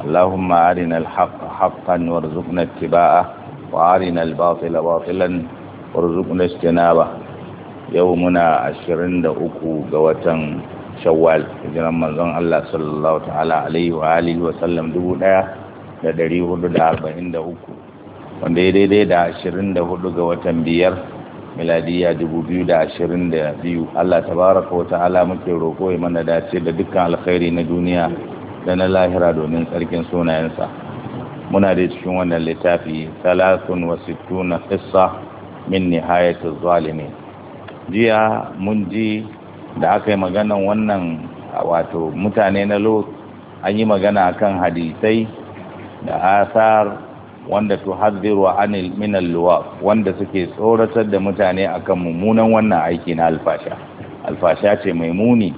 اللهم أرنا الحق حقا وارزقنا اتباعه وأرنا الباطل باطلا وارزقنا اجتنابه يومنا عشرين دقوق قوتا shawwal hijiran manzon Allah sallallahu ta'ala alaihi wa wa sallam dubu ɗaya da ɗari hudu da arba'in da uku wanda ya da ashirin da hudu ga watan biyar miladiya dubu biyu da ashirin da biyu Allah tabaraka wa ta'ala muke roƙo ya mana dace da dukkan alkhairi na duniya da na lahira domin tsarkin sunayensa muna da cikin wannan littafi talatin wa tuna fissa min nihayatiz zalimi jiya mun ji da aka yi maganan wannan wato mutane na lot an yi magana kan hadisai da asar wanda hadziru anil min alluwa wanda suke tsoratar da mutane akan mummunan wannan aiki na alfasha alfasha ce mai muni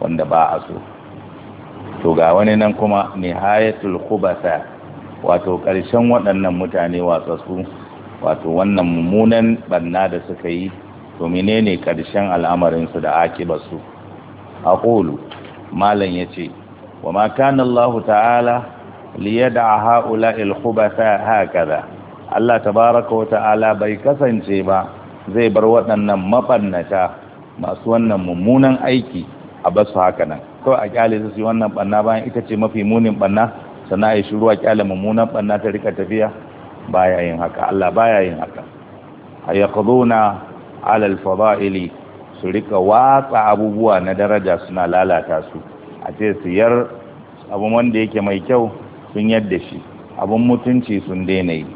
wanda ba a so to ga wani nan kuma nihayatul khubasa wato ƙarshen waɗannan mutane su wato wannan mummunan banna da suka yi to menene ƙarshen su da su aqulu malam yace wa ma kana Allah ta'ala ha'ula al khubasa hakaza Allah tabaaraka wa ta'ala bai kasance ba zai bar waɗannan mabannata masu wannan mummunan aiki a basu haka nan kawai a kyale su yi wannan banna bayan ita ce mafi munin banna sana a yi shiru a kyale mummunan banna ta rika tafiya baya yin haka Allah baya yin haka a yaqduna alalfa al-fada'ili su rika watsa abubuwa na daraja suna lalata su a ce siyar abin wanda yake mai kyau sun yadda shi abun mutunci sun daina yi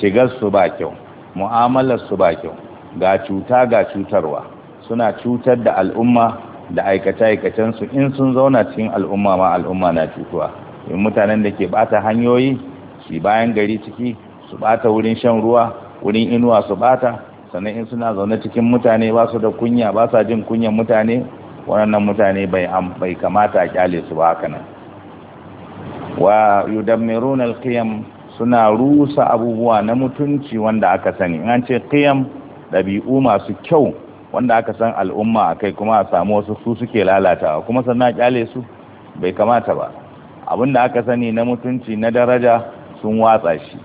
shigar su ba kyau mu'amalar su ba kyau ga cuta ga cutarwa suna cutar da al'umma da aikace-aikacensu in sun zauna cikin al'umma ma al'umma na cutuwa in mutanen da ke bata hanyoyi su bayan gari ciki su bata wurin shan ruwa wurin inuwa su bata sannan in suna zaune cikin mutane ba su da kunya ba sa jin kunyan mutane waɗannan mutane bai kamata a kyale su ba haka nan wa yudammiruna alqiyam suna rusa abubuwa na mutunci wanda aka sani in an ce qiyam dabi'u masu kyau wanda aka san al'umma a kai kuma a samu wasu su suke lalatawa kuma sannan kyale su bai kamata ba abin da aka sani na mutunci na daraja sun watsa shi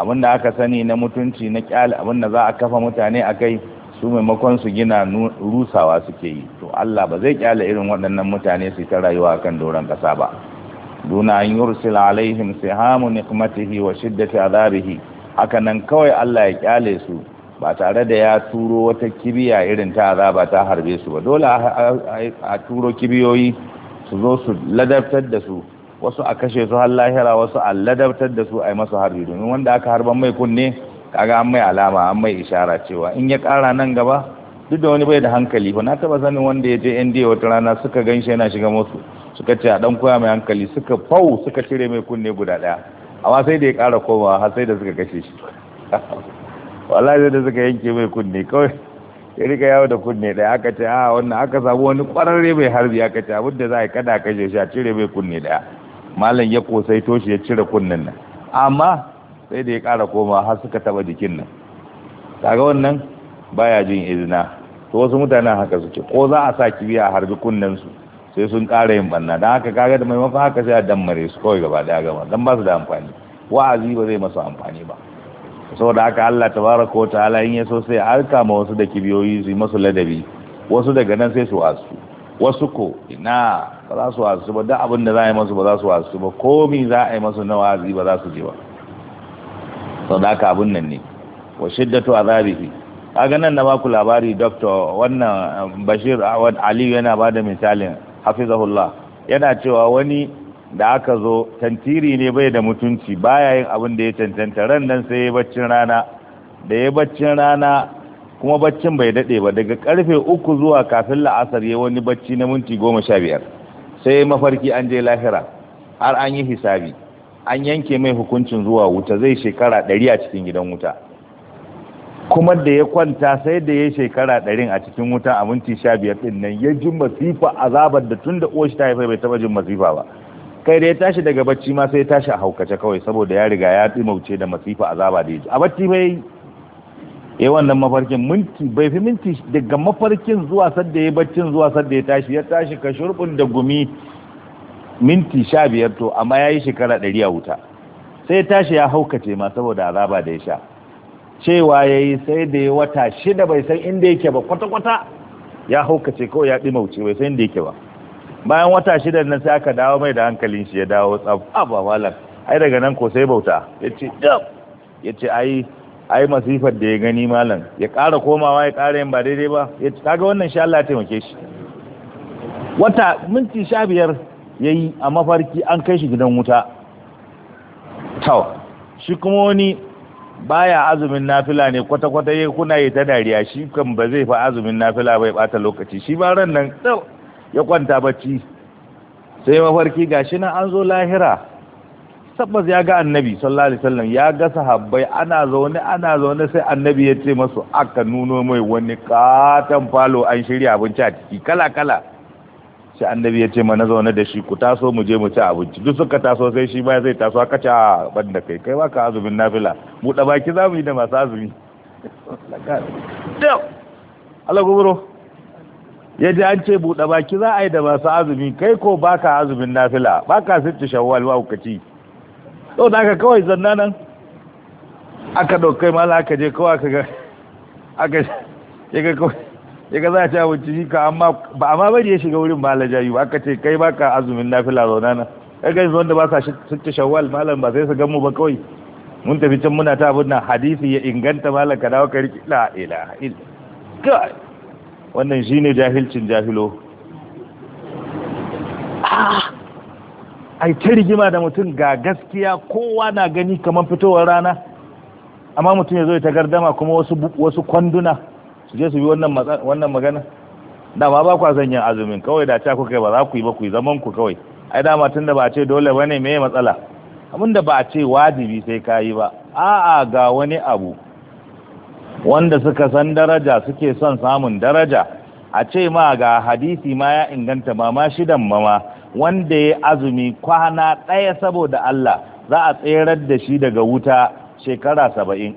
abin da aka sani na mutunci na kyale abin da za a kafa mutane a kai su maimakon su gina rusawa suke yi to Allah ba zai kyale irin waɗannan mutane su ta rayuwa kan doron ƙasa ba duna an yursil alaihim sihamu niqmatihi wa shiddati azabihi hakanan nan kawai Allah ya kyale su ba tare da ya turo wata kibiya irin ta azaba ta harbe su ba dole a turo kibiyoyi su zo su ladabtar da su wasu a kashe su har lahira wasu a ladabtar da su a yi masu harbi domin wanda aka harba mai kunne kaga an mai alama an mai ishara cewa in ya kara nan gaba duk da wani bai da hankali ba na taba sanin wanda ya je NDA wata rana suka ganshi yana shiga musu suka ce a dan koya mai hankali suka fau suka cire mai kunne guda daya amma sai da ya kara komawa har sai da suka kashe shi wallahi da suka yanke mai kunne kawai ya rika yawo da kunne daya aka ce a ah, wannan aka samu wani kwararre mai harbi aka ce abinda za a yi kada kashe shi a cire mai kunne daya malam ya kosai toshi ya cire kunnen nan amma sai da ya kara koma har suka taba jikin nan kaga wannan baya jin izina to wasu mutanen haka suke ko za a sa kibiya a harbi kunnen su sai sun kara yin banna dan haka kaga da maimakon haka sai a dammare su kawai gaba daya gaba dan ba su da amfani wa'azi ba zai masu amfani ba saboda aka Allah tabaraka ko ta'ala in yaso sai harka ma wasu da kibiyoyi su yi masu ladabi wasu daga nan sai su wasu wasu ko ina ba za su wasu ba duk abin da za a yi masu ba za su wasu ba komi za a yi masu na wazi ba za su je ba da aka abin nan ne wa shiddatu azabihi kaga nan na baku labari dr. wannan um, Bashir aliyu Ali yana bada misalin hafizahullah yana cewa wani da aka zo tantiri ne bai da mutunci baya yin abin da ya cancanta ran nan sai ya baccin rana da ya baccin rana kuma baccin bai daɗe ba daga karfe uku zuwa kafin la'asar ya wani bacci na minti goma sha biyar sai mafarki an je lahira har an yi hisabi an yanke mai hukuncin zuwa wuta zai shekara ɗari a cikin gidan wuta kuma da ya kwanta sai da ya shekara ɗarin a cikin wuta a minti sha biyar ɗin nan ya ji masifa azabar da tun da ta haifa bai taɓa jin masifa ba kai da ya tashi daga bacci ma sai ya tashi a haukace kawai saboda ya riga ya tsimauce da masifa azaba da yaji a bacci bai yayi wannan mafarkin minti bai fi minti daga mafarkin zuwa sadda ya baccin zuwa sadda ya tashi ya tashi ka shurbin da gumi minti sha biyar to amma ya yi shekara ɗari a wuta sai ya tashi ya haukace ma saboda azaba da ya sha cewa ya yi sai da ya wata shida bai san inda yake ba kwata-kwata ya haukace kawai ya ɗi mauce bai san inda yake ba bayan wata shida nan sai aka dawo mai da hankalin shi ya dawo tsab abba malam ai daga nan ko sai bauta yace dab yace ai ai masifar da ya gani malam ya ƙara komawa ya ƙara yin ba daidai ba ya kaga wannan insha Allah ya taimake shi wata minti sha biyar ya a mafarki an kai shi gidan wuta taw shi kuma wani baya azumin nafila ne kwata-kwata ya kuna yi ta dariya shi kan ba zai fa azumin nafila bai bata lokaci shi ba ran nan ya kwanta bacci sai mafarki gashi nan an zo lahira tabbas ya ga annabi sallallahu alaihi wasallam ya ga sahabbai ana zaune ana zaune sai annabi ya ce masu aka nuno mai wani katan falo an shirya abinci a ciki kala kala sai annabi ya ce mana zaune da shi ku taso mu je mu ci abinci duk suka taso sai shi ma zai taso aka ci ban da kai kai ba ka azumin nafila mu da baki zamu yi da masu azumi Allah ya ji an ce buɗe baki za a yi da masu azumi kai ko baka azumin nafila baka sitti shawwal ba hukaci to da aka kawai zanna nan aka ɗaukai mala aka je kawai aka ga aka ya ga kawai ya ga za a ci abinci shi ka amma ba amma bari ya shiga wurin mala jayu ba aka ce kai baka azumin nafila zauna nan kai gani wanda ba sa sitti shawwal malam ba sai su gan mu ba kawai mun tafi can muna ta abin nan hadisi ya inganta malam ka dawo ka riƙi la ilaha illa wannan shi ne jahilcin jahilo ah! ai ta rigima da mutum ga gaskiya kowa na gani kamar fitowar rana amma mutum ya zo ta gardama kuma wasu kwanduna su je su bi wannan magana dama ba kwa zanyen azumin kawai da ce kuka ba za ku yi ba ku yi zaman ku kawai ai dama tun da ba a ce dole ne mai matsala abinda ba a ce wajibi sai ka yi ba a'a ga wani abu wanda suka san daraja suke son samun daraja a ce ma ga hadisi ma ya inganta mama ma shidan ma wanda ya azumi kwana ɗaya saboda Allah za a tserar da shi daga wuta shekara saba'in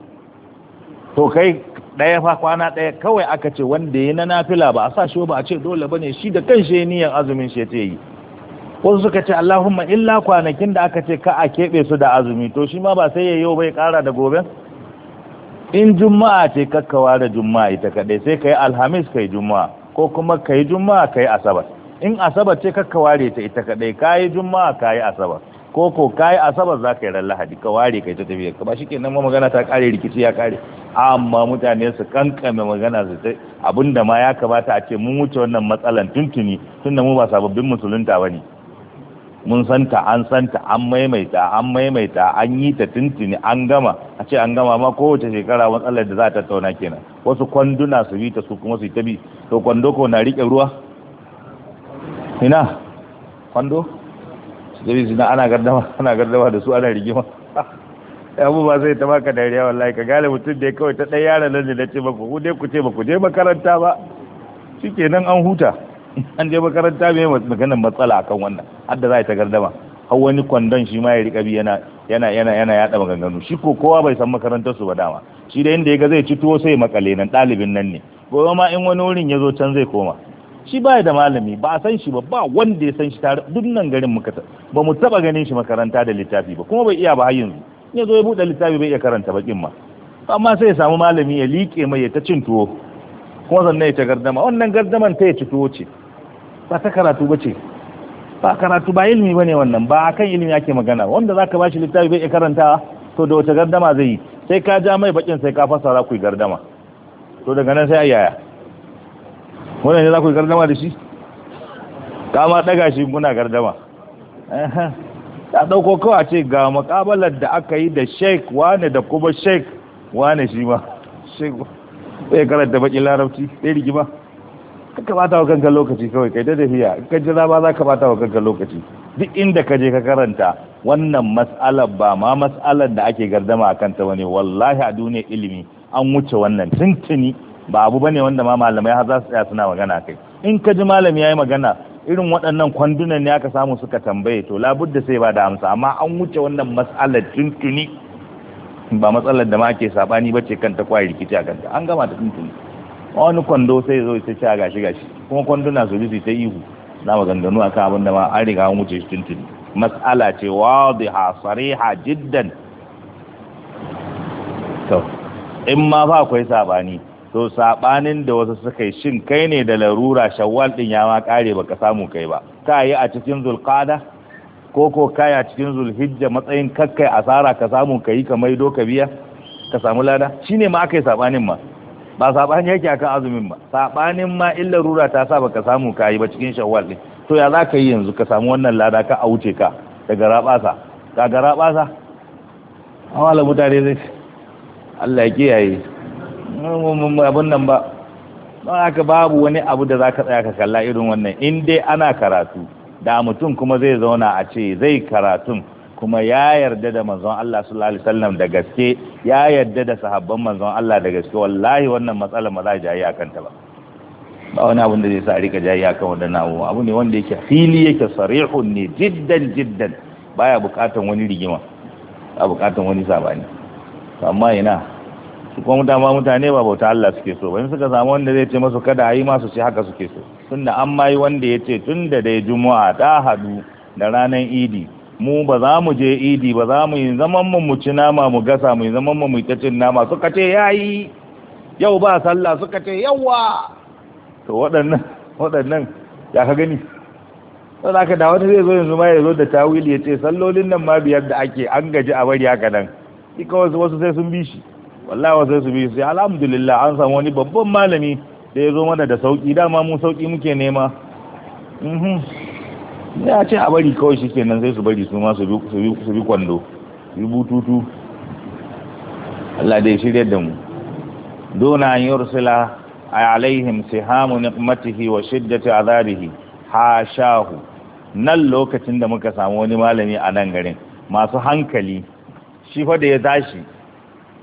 to kai ɗaya fa kwana ɗaya kawai aka ce wanda ya na nafila ba a sa shi ba a ce dole ba ne shi da kan shi niyyar azumin shi ta yi wasu suka ce Allahumma illa kwanakin da aka ce ka a keɓe su da azumi to shi ma ba sai ya yi bai ƙara da gobe in juma'a ce kakkawa da juma'a ita kadai sai yi alhamis ka yi juma'a ko kuma ka yi juma'a ka yi asabar in asabar ce kakkawa da ita ita kadai yi juma'a ka yi asabar ko ko ka yi asabar za ka yi ran lahadi ka ware kai ta tafiya ka ba shi kenan magana ta kare rikici ya kare amma mutane su kankame magana su ta abinda ma ya kamata a ce mun wuce wannan matsalan tuntuni tun da mu ba sababbin musulunta ba ne. mun santa an santa an maimaita an maimaita an yi ta tintini an gama a ce an gama ma kowace shekara matsalar da za ta tauna kenan wasu kwanduna su bi ta su kuma su ta bi to kwando ko na rike ruwa ina kwando su ta bi su ana gardama ana gardama da su ana rigima abu ba zai ta baka dariya wallahi ka gane mutum da ya kawai ta ɗaya yaran nan da na ce ba ku dai ku ce ba ku je makaranta ba shikenan an huta an je makaranta mai maganar matsala akan wannan hadda za a yi ta gardama har wani kwandon shi ma ya rika bi yana yana yana yana maganganu shi ko kowa bai san makarantar su ba dama shi da inda ya ga zai ci tuwo sai makale nan ɗalibin nan ne gobe ma in wani wurin ya zo can zai koma shi ba da malami ba a san shi ba ba wanda ya san shi tare duk nan garin muka ba mu taba ganin shi makaranta da littafi ba kuma bai iya ba har yanzu ya zo ya buɗe littafi bai iya karanta bakin ma amma sai ya samu malami ya liƙe mai ya ta cin tuwo kuma sannan ya ta gardama wannan gardaman ta ya ci tuwo ce ba ta karatu ba ce ba karatu ba ilimi ba ne wannan ba kan ilimi ake magana wanda za ka ba shi littafi bai karanta to da wata gardama zai yi sai ka ja mai bakin sai ka fasa za ku gardama to daga nan sai a yaya wannan ne za ku yi gardama da shi Ka ma daga shi kuna gardama ta dauko kawa ce ga makabalar da aka yi da sheik wane da kuma sheik wane shi ma sheik bai karanta bakin larabci ɗaya rigima ka bata wa kanka lokaci kawai kai da tafiya ka jira ba za ka bata wa kanka lokaci duk inda ka je ka karanta wannan mas'alar ba ma mas'alar da ake gardama a kanta bane wallahi a duniyar ilimi an wuce wannan tuntuni ba abu bane wanda ma malamai har za su tsaya suna magana kai in ka ji malami yi magana irin waɗannan kwandunan ne aka samu suka tambaye to labudda sai ba da amsa amma an wuce wannan mas'alar tuntuni ba matsalar da ma ake ba ce kanta kwai rikici a kanta an gama ta tuntuni wani kwando sai zo ita ci gashi gashi kuma kwanduna su jisi ta ihu na maganganu kan abin da ma an riga an wuce shi tuntun mas'ala ce wadiha sariha jiddan to in ma ba akwai sabani to sabanin da wasu suka yi shin kai ne da larura shawwal din ya ma kare baka samu kai ba ka yi a cikin zulqada ko ko kai a cikin zulhijja matsayin kakkai asara ka samu kai ka maido ka biya ka samu lada shine ma aka yi sabanin ma ba sabani yake akan azumin ba sabanin ma illa rura ta sa baka samu kayi ba cikin shawwal din to ya zaka yi yanzu ka samu wannan lada ka auce ka daga rabasa ka ga rabasa amala mutane zai Allah ya kiyaye abun nan ba ba aka babu wani abu da zaka tsaya ka kalla irin wannan in dai ana karatu da mutum kuma zai zauna a ce zai karatun kuma ya yarda da manzon Allah sallallahu alaihi wasallam da gaske ya yarda da sahabban manzon Allah da gaske wallahi wannan matsalar ba za a jayi akan ta ba ba wani abin da zai sa a rika jayi akan wannan abu abu ne wanda yake fili yake sarihun ne jiddan jiddan baya bukatan wani rigima ba bukatan wani sabani amma ina su kuma dama mutane ba bauta Allah suke so wani suka samu wanda zai ce masu kada a yi masu ce haka suke so tunda an mai wanda ya ce tunda da juma'a ta hadu da ranar idi mu ba za mu je idi ba za mu yi zaman mu mu ci nama mu gasa mu yi zaman mu mu ta cin nama suka ce yayi yau ba sallah suka ce yawa to waɗannan waɗannan ya ka gani sau da da wani zai zo yanzu ma ya zo da tawili ya ce sallolin nan ma biyar da ake an gaji a bari haka nan ika wasu wasu sai sun bi shi wallahi wasu sai su bi shi alhamdulillah an samu wani babban malami da ya zo mana da sauki dama mu sauki muke nema mhm. ya ce a bari kawai shi ke nan sai su bari su ma su bi kwando su bututu Allah dai shirya da mu dona an yursila alaihim sihamu niqmatihi wa shiddati azabihi hashahu nan lokacin da muka samu wani malami a nan garin masu hankali shi fa ya tashi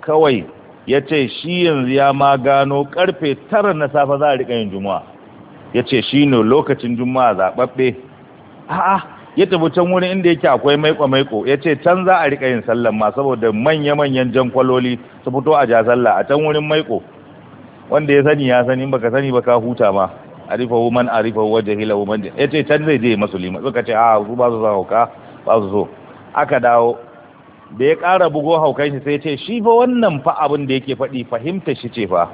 kawai ya ce shi yanzu ya ma gano karfe tara na safe za a riƙa yin juma'a ya ce shi ne lokacin juma'a zaɓaɓɓe a'a ya tafi can wani inda yake akwai maiko maiko ya ce can za a rika yin sallan ma saboda manya manyan jan kwaloli su fito a ja sallah a can wurin maiko wanda ya sani ya sani baka sani baka huta ma arifahu man arifahu wa hila man ya ce can zai je masu lima suka ce a su ba su san hauka ba su so aka dawo da ya ƙara bugo haukan shi sai ce shi fa wannan fa abin da yake faɗi fahimta shi ce fa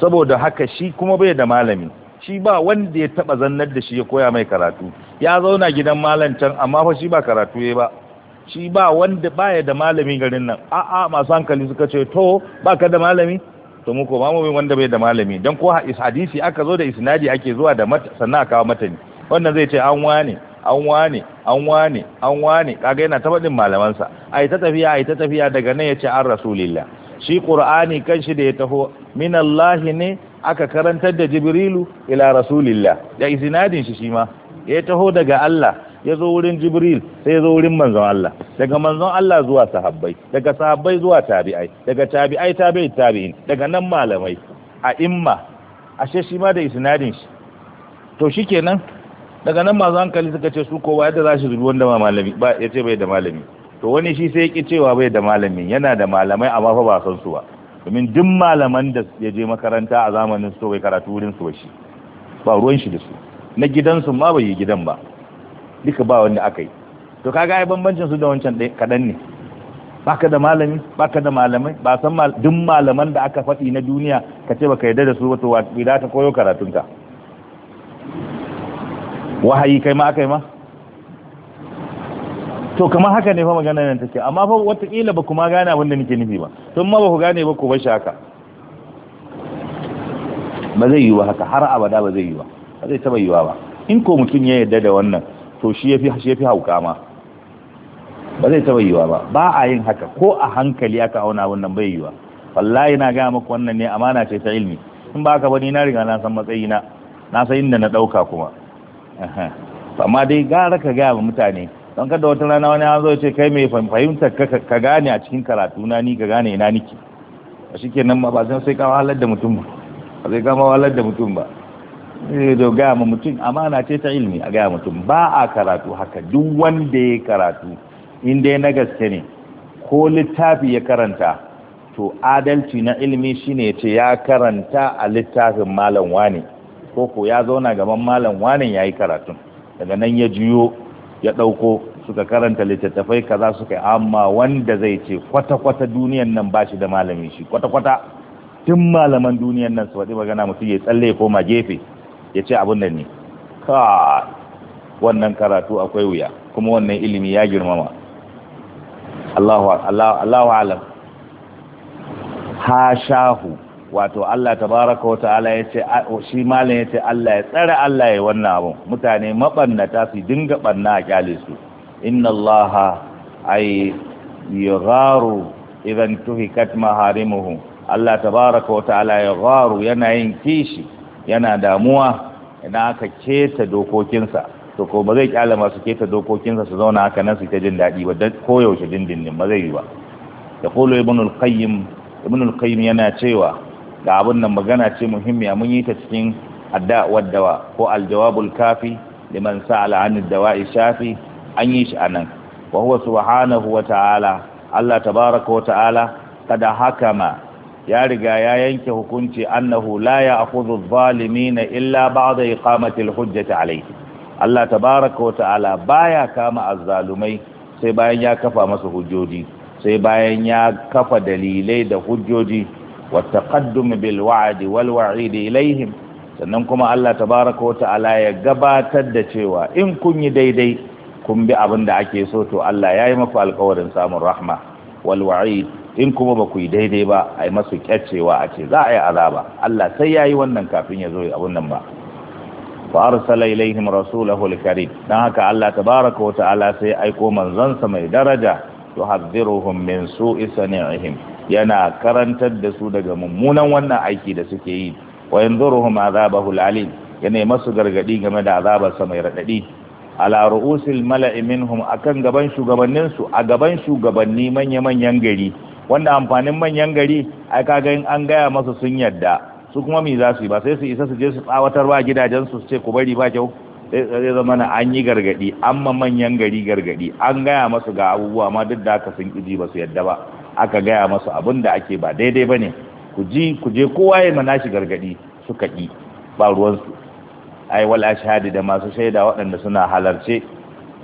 saboda haka shi kuma bai da malami shi ba wanda ya taba zannar da shi ya koya mai karatu ya zauna gidan malam can amma fa shi ba karatu yayi ba shi ba wanda baya da malami garin nan a'a masu hankali suka ce to baka da malami to mu ko ba mu wanda bai da malami dan ko hadisi aka zo da isnadi ake zuwa da mata sannan aka kawo mata wannan zai ce an wane an wane an wane an wane kaga yana ta faɗin malamansa ai ta tafiya ai ta tafiya daga nan ya ce an rasulillah shi qur'ani kanshi da ya taho min Allah ne aka karantar da jibrilu ila rasulillah da izinadin shi shima ya taho daga Allah ya zo wurin jibril sai ya zo wurin manzon Allah daga manzon Allah zuwa sahabbai daga sahabbai zuwa tabi'ai daga tabi'ai tabi'i tabi'in daga nan malamai a imma ashe shi ma da isnadin shi to shikenan daga nan masu hankali suka ce su kowa yadda za shi zubi wanda malami ba ya ce bai da malami to wani shi sai yake cewa bai da malamin yana da malamai amma fa ba san su ba domin duk malaman da ya je makaranta a zamanin su bai karatu wurin su ba shi ba ruwan shi da su na gidan su ma bai yi gidan ba duka ba wanda aka yi to kaga ai bambancin su da wancan dai kadan ne baka da malami baka da malamai ba san duk malaman da aka faɗi na duniya ka ce baka yarda da su wato bai da koyo karatunka wahayi kai ma akai ma to kamar haka ne fa magana nan take amma fa wataƙila ba kuma gane abin da nake nufi ba tun ma ba ku gane ba ku bar shi haka ba zai yi ba haka har abada ba zai yi ba ba zai taba yiwa ba in ko mutum ya yarda da wannan to shi yafi shi yafi hauka ma ba zai taba yiwa ba ba a yin haka ko a hankali aka auna wannan bai yiwa wallahi na ga maka wannan ne amana ce ta ilmi in ba haka ba ni na riga na san matsayina na san inda na dauka kuma amma dai gara ka ga mutane don kada wata rana wani ya zo ce kai mai fahimtar ka gane a cikin karatu na ni ka gane ina niki a shi nan ma ba sai ka halar da mutum ba ba sai kama halar da mutum ba zai eh, zo gaya ma mutum amana ce ta ilmi a gaya mutum ba a karatu haka duk wanda ya karatu in dai na gaske ne ko littafi ya karanta to adalci na ilmi shine ya ce ya karanta a littafin malam wane ko ko ya zauna gaban malam wane ya yi karatun daga nan ya juyo ya ɗauko suka karanta littattafai kaza suka yi amma wanda zai ce kwata-kwata duniyan nan ba shi da malami shi kwata-kwata tun malaman duniyan nan su faɗi magana mutum ya tsalle ya koma gefe ya ce abin nan ne ka wannan karatu akwai wuya kuma wannan ilimi ya girmama Allahu alam shahu. wato Allah tabaraka wa ta'ala ya ce shi malam ya ce Allah ya tsare Allah ya wannan abun mutane mabannata su dinga banna a kyale su inna Allah ay yugharu idan tuhikat maharimuhu Allah tabaraka wa ta'ala ya gharu yana yin kishi yana damuwa idan aka keta dokokinsa to ko ba zai kyale masu keta dokokinsa su zauna haka nan su ta jin daɗi ba koyaushe dindindin ba zai yi ba يقول ابن القيم ابن القيم yana cewa ga abin nan magana ce muhimmiya mun yi ta cikin adda ko aljawabul kafi liman sa an dawa'i shafi an yi shi anan wa huwa subhanahu wa ta'ala Allah tabaraka wa ta'ala kada hakama ya riga ya yanke hukunci annahu la ya'khudhu adh-dhalimina illa ba'da iqamati al-hujjati alayhi Allah tabaraka wa ta'ala baya kama azzalumai sai bayan ya kafa masa hujjoji sai bayan ya kafa dalilai da hujjoji wa taqaddum bil wa'di ilaihim sannan kuma Allah tabaraka wa ta'ala ya gabatar da cewa in kun yi daidai kun bi abin da ake so to Allah ya yi maku alkawarin samun rahma wal wa'id in kuma ba ku yi daidai ba a yi masu kyacewa a ce za a yi azaba Allah sai ya yi wannan kafin ya zo abin nan ba fa arsala ilaihim rasulahu alkarim dan haka Allah tabaraka wa ta'ala sai aiko manzonsa mai daraja yuhadhiruhum min su'i sani'ihim yana karantar da su daga mummunan wannan aiki da suke yi wa yanzuruhum azabahu alalim yana masu gargadi game da azabar sa mai radadi ala ru'usil mala'i minhum akan gaban shugabannin su a gaban shugabanni manya-manyan gari wanda amfanin manyan gari ai kaga in an gaya masa sun yadda su kuma me za su yi ba sai su isa su je su tsawatar ba gidajen su ce ku bari ba kyau zai zama na an yi gargadi an manyan gari gargadi an gaya masu ga abubuwa ma duk da haka sun kiji ba su yadda ba aka gaya masu abin da ake ba daidai ba ne ku ji ku je kowa ya mana shi gargadi suka yi ba ruwansu ai wal ashhadi da masu shaida waɗanda suna halarce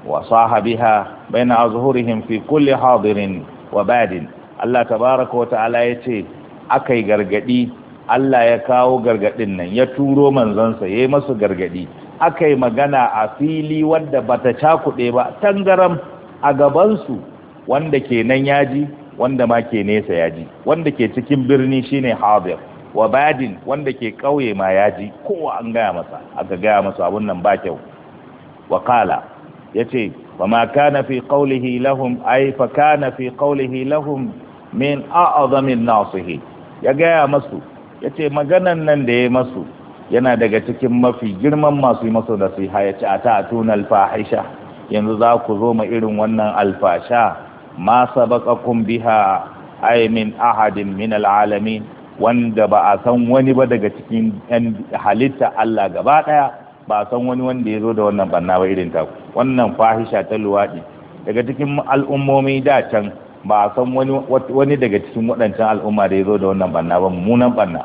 wa sahabiha baina azhurihim fi kulli hadirin wa badin Allah tabaaraka wa ta'ala yace akai gargadi Allah ya kawo gargadin nan ya turo manzansa yayi masu gargadi akai magana a fili wanda bata kuɗe ba tangaram a gaban su wanda kenan yaji wanda ma ke nesa ya ji wanda ke cikin birni shine hadir wa badin wanda ke kauye ma ya ji kowa an gaya masa aka gaya masa abun nan ba kyau wa qala yace wa ma kana fi qawlihi lahum ay fa kana fi qawlihi lahum min a'zami nasihi ya gaya masu yace maganan nan da yayi masu yana daga cikin mafi girman masu yi masa nasiha yace ata atuna fahisha yanzu za ku zo ma irin wannan alfasha ma sabaqakum biha ay min ahadin min alalamin wanda ba a san wani ba daga cikin halitta Allah gaba daya ba a san wani wanda ya zo da wannan banna ba irin ta wannan fahisha ta luwadi daga cikin al'ummomi da can ba a san wani wani daga cikin waɗancan al'umma da ya zo da wannan banna ba mummunan banna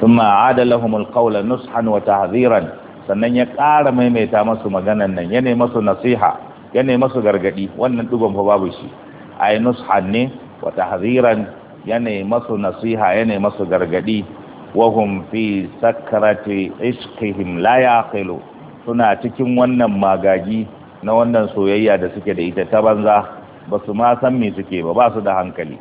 thumma aada lahum alqawla nushan wa sannan ya ƙara maimaita masu maganan nan ya ne masu nasiha ya masu gargadi wannan dubon fa babu shi ay nushan ne wa tahziran ya masu nasiha ya masu gargadi wa hum fi sakrati ishqihim la yaqilu suna cikin wannan magagi na wannan soyayya da suke da ita ta banza ba su ma san me suke ba ba su da hankali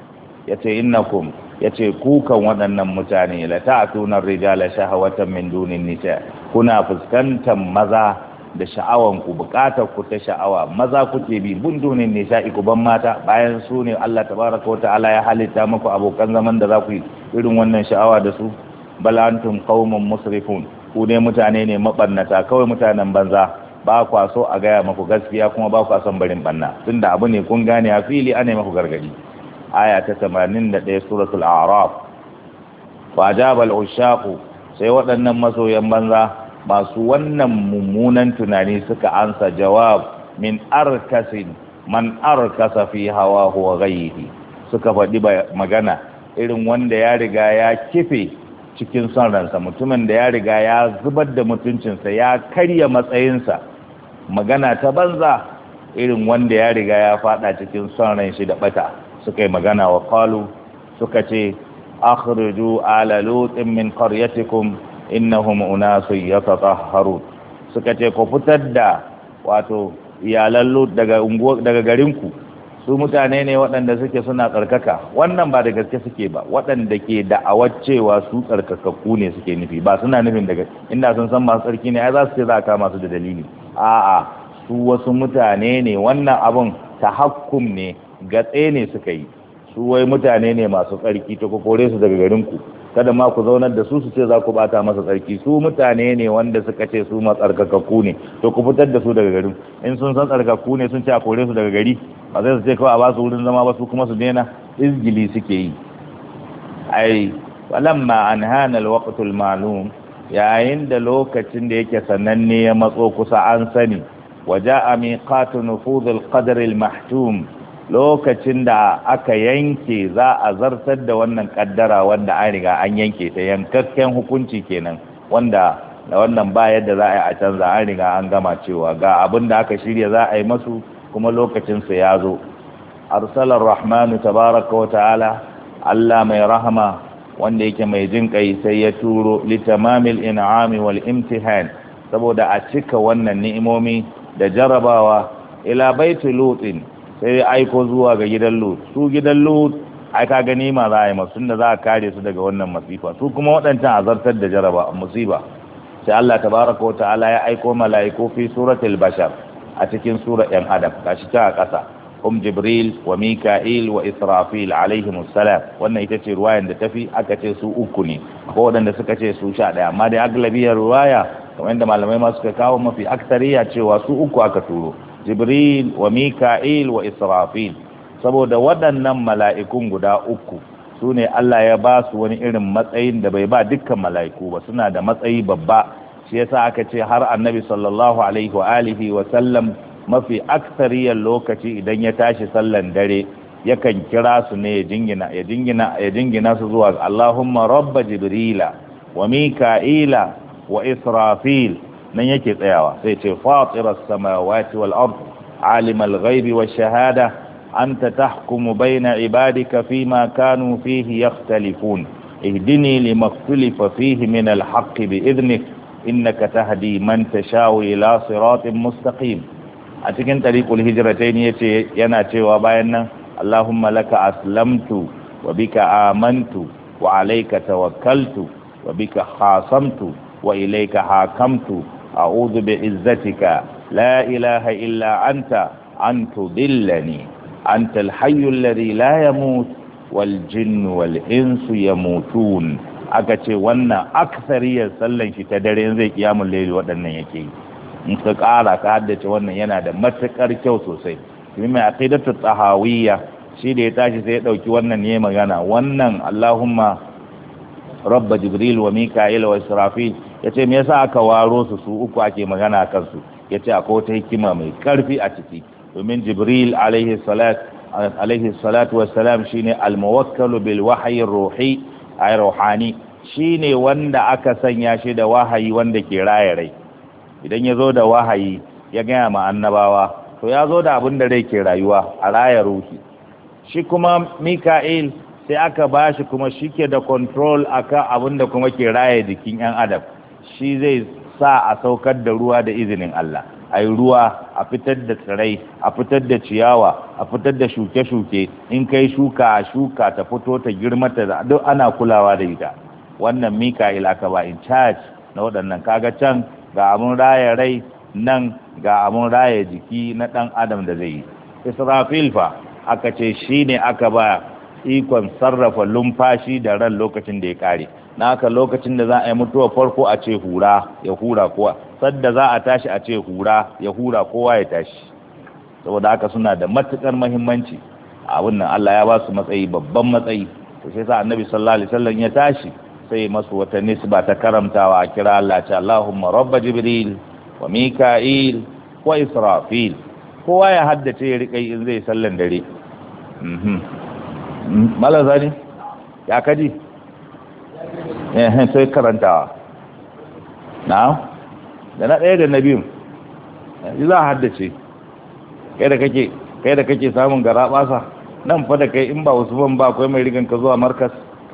yace innakum yace kukan waɗannan mutane la ta'tuna rijala shahawatan min dunin nisa kuna fuskantar maza da sha'awan ku bukatar ku ta sha'awa maza kuke bi bundunin sha'i ku ban mata bayan su ne Allah tabaraka Ta'ala ya halitta maku abokan zaman da za ku yi irin wannan sha'awa da su Balantun antum qaumun musrifun ku ne mutane ne mabarnata kawai mutanen banza ba kwa so a gaya maku gaskiya kuma ba ku son barin banna tunda abu ne kun gane a fili ana maku gargadi aya ta 81 suratul a'raf fajabal jabal ushaqu sai waɗannan masoyan banza masu wannan mummunan tunani suka ansa jawab min arkasin man arkasa fi hawa huwa ghayri suka faɗi magana irin wanda ya riga ya kife cikin son ransa mutumin da ya riga ya zubar da mutuncinsa ya karya matsayinsa magana ta banza irin wanda ya riga ya fada cikin son ran shi da bata suka yi magana wa qalu suka ce akhruju ala lutin min qaryatikum innahum unasun yatatahharu suka ce ku fitar da wato iyalan lut daga unguwa daga ku su mutane ne waɗanda suke suna tsarkaka wannan ba da gaske suke ba waɗanda ke da'awar cewa su tsarkakakku ne suke nufi ba suna nufin daga inda sun san masu tsarki ne ai za su ce za a masu da dalili a'a su wasu mutane ne wannan abun tahakkum ne gatse ne suka yi su wai mutane ne masu tsarki ta kokore su daga garin ku. kada ma ku zaunar da su su ce za ku bata masa tsarki su mutane ne wanda suka ce su ma tsarkakakku ne to ku fitar da su daga garin in sun san tsarkakku ne sun ce a kore su daga gari ba zai su ce kawai a basu wurin zama ba su kuma su daina izgili suke yi ai walamma an hana alwaqtul ma'lum yayin da lokacin da yake sananne ya matso kusa an sani waja'a miqatu nufudh al mahtum lokacin da aka yanke za a zartar da wannan kaddara wanda an riga an yanke ta yankakken hukunci kenan wanda da wannan ba yadda za a yi a canza an riga an gama cewa ga abin da aka shirya za a yi masu kuma lokacinsa ya zo arsalar rahmanu tabaraka wa ta'ala allah mai rahama wanda yake mai jin kai sai ya turo litamamil in'ami wal imtihan saboda a cika wannan ni'imomi da jarabawa ila baitul lutin sai ya aiko zuwa ga gidan lut su gidan lut ai ka gani ma za a yi masu da za a kare su daga wannan masifa su kuma waɗancan azartar da jaraba musiba sai Allah tabaraka wa ta'ala ya aiko mala'iku fi suratul bashar a cikin sura yan adam gashi ta a ƙasa um jibril wa mika'il wa israfil alaihim salam wannan ita ce ruwayan da tafi aka ce su uku ne ko waɗanda suka ce su sha ɗaya amma dai aglabiyar ruwaya kamar yadda malamai ma suka kawo mafi aksariya cewa su uku aka turo jibril wa mika'il wa israfil saboda waɗannan mala'ikun guda uku su ne Allah ya ba su wani irin matsayin da bai ba dukkan mala'iku ba suna da matsayi babba shi yasa aka ce har annabi sallallahu alaihi wa alihi wa sallam mafi aksariyar lokaci idan ya tashi sallan dare yakan kira su ne ya jingina ya jingina ya jingina su zuwa Allahumma rabba jibrila wa mika'ila wa israfil nan yake tsayawa sai ce fatiras samawati wal a alimal ghaibi wash shahada anta tahkumu baina ibadika fima kanu fihi yakhtalifun ihdini limakhtulifa fihi min al haqqi bi idnik innaka tahdi man tashau ila siratin mustaqim a cikin tariqul hijratain yace yana cewa bayan nan allahumma laka aslamtu wa bika amantu wa alayka tawakkaltu wa bika khasamtu wa ilayka hakamtu a'udhu bi izzatika ka ilaha illa anta an tudillani anta al-hayyu alladhi wal aka ce wannan aksariyar sallan shi ta dare zai kiyamun laili waɗannan yake yi in ka ƙara ka haddace wannan yana da matuƙar kyau sosai domin mai aqidatu tahawiyya shi da ya tashi sai ya ɗauki wannan ne magana wannan Allahumma rabba jibril wa mika'il wa israfil ya ce me yasa aka waro su su uku ake magana kansu ya ce a wata hikima mai karfi a ciki domin jibril alaihi salatu shi shine almuwakkalu bil wahayi ruhi rohani shi shine wanda aka sanya shi da wahayi wanda ke raye rai idan ya zo da wahayi ya gaya ma annabawa to ya zo da abin da rai ke rayuwa a raya ruhi shi kuma mika'il sai aka ba shi kuma shi ke da control kan abin da kuma ke raya jikin 'yan adam shi zai sa a saukar da ruwa da izinin Allah a ruwa a fitar da tsirai a fitar da ciyawa a fitar da shuke-shuke in kai shuka a shuka ta fito ta girma ta duk ana kulawa da ita wannan mika'il aka ba in charge na waɗannan kaga can ga abun raya rai nan ga abun raya jiki na ɗan adam da zai yi israfil fa aka ce shi ne aka ba ikon sarrafa lumfashi da ran lokacin da ya kare na lokacin da za a yi mutuwa farko a ce hura ya hura kowa sadda za a tashi a ce hura ya hura kowa ya tashi saboda haka suna da matukar muhimmanci abin nan Allah ya ba su matsayi babban matsayi to sai sa annabi sallallahu alaihi wasallam ya tashi sai masu wata nisba ta karamtawa a kira Allah ta Allahumma rabb jibril wa mika'il wa israfil kowa ya haddace ya rikai in zai sallan dare mhm zani ya kaji ehen sai karantawa na da na ɗaya da na biyun yi za a haddace kai da kake kai da kake samun gara basa nan fa da kai in ba ban ba akwai mai rigan ka zuwa markas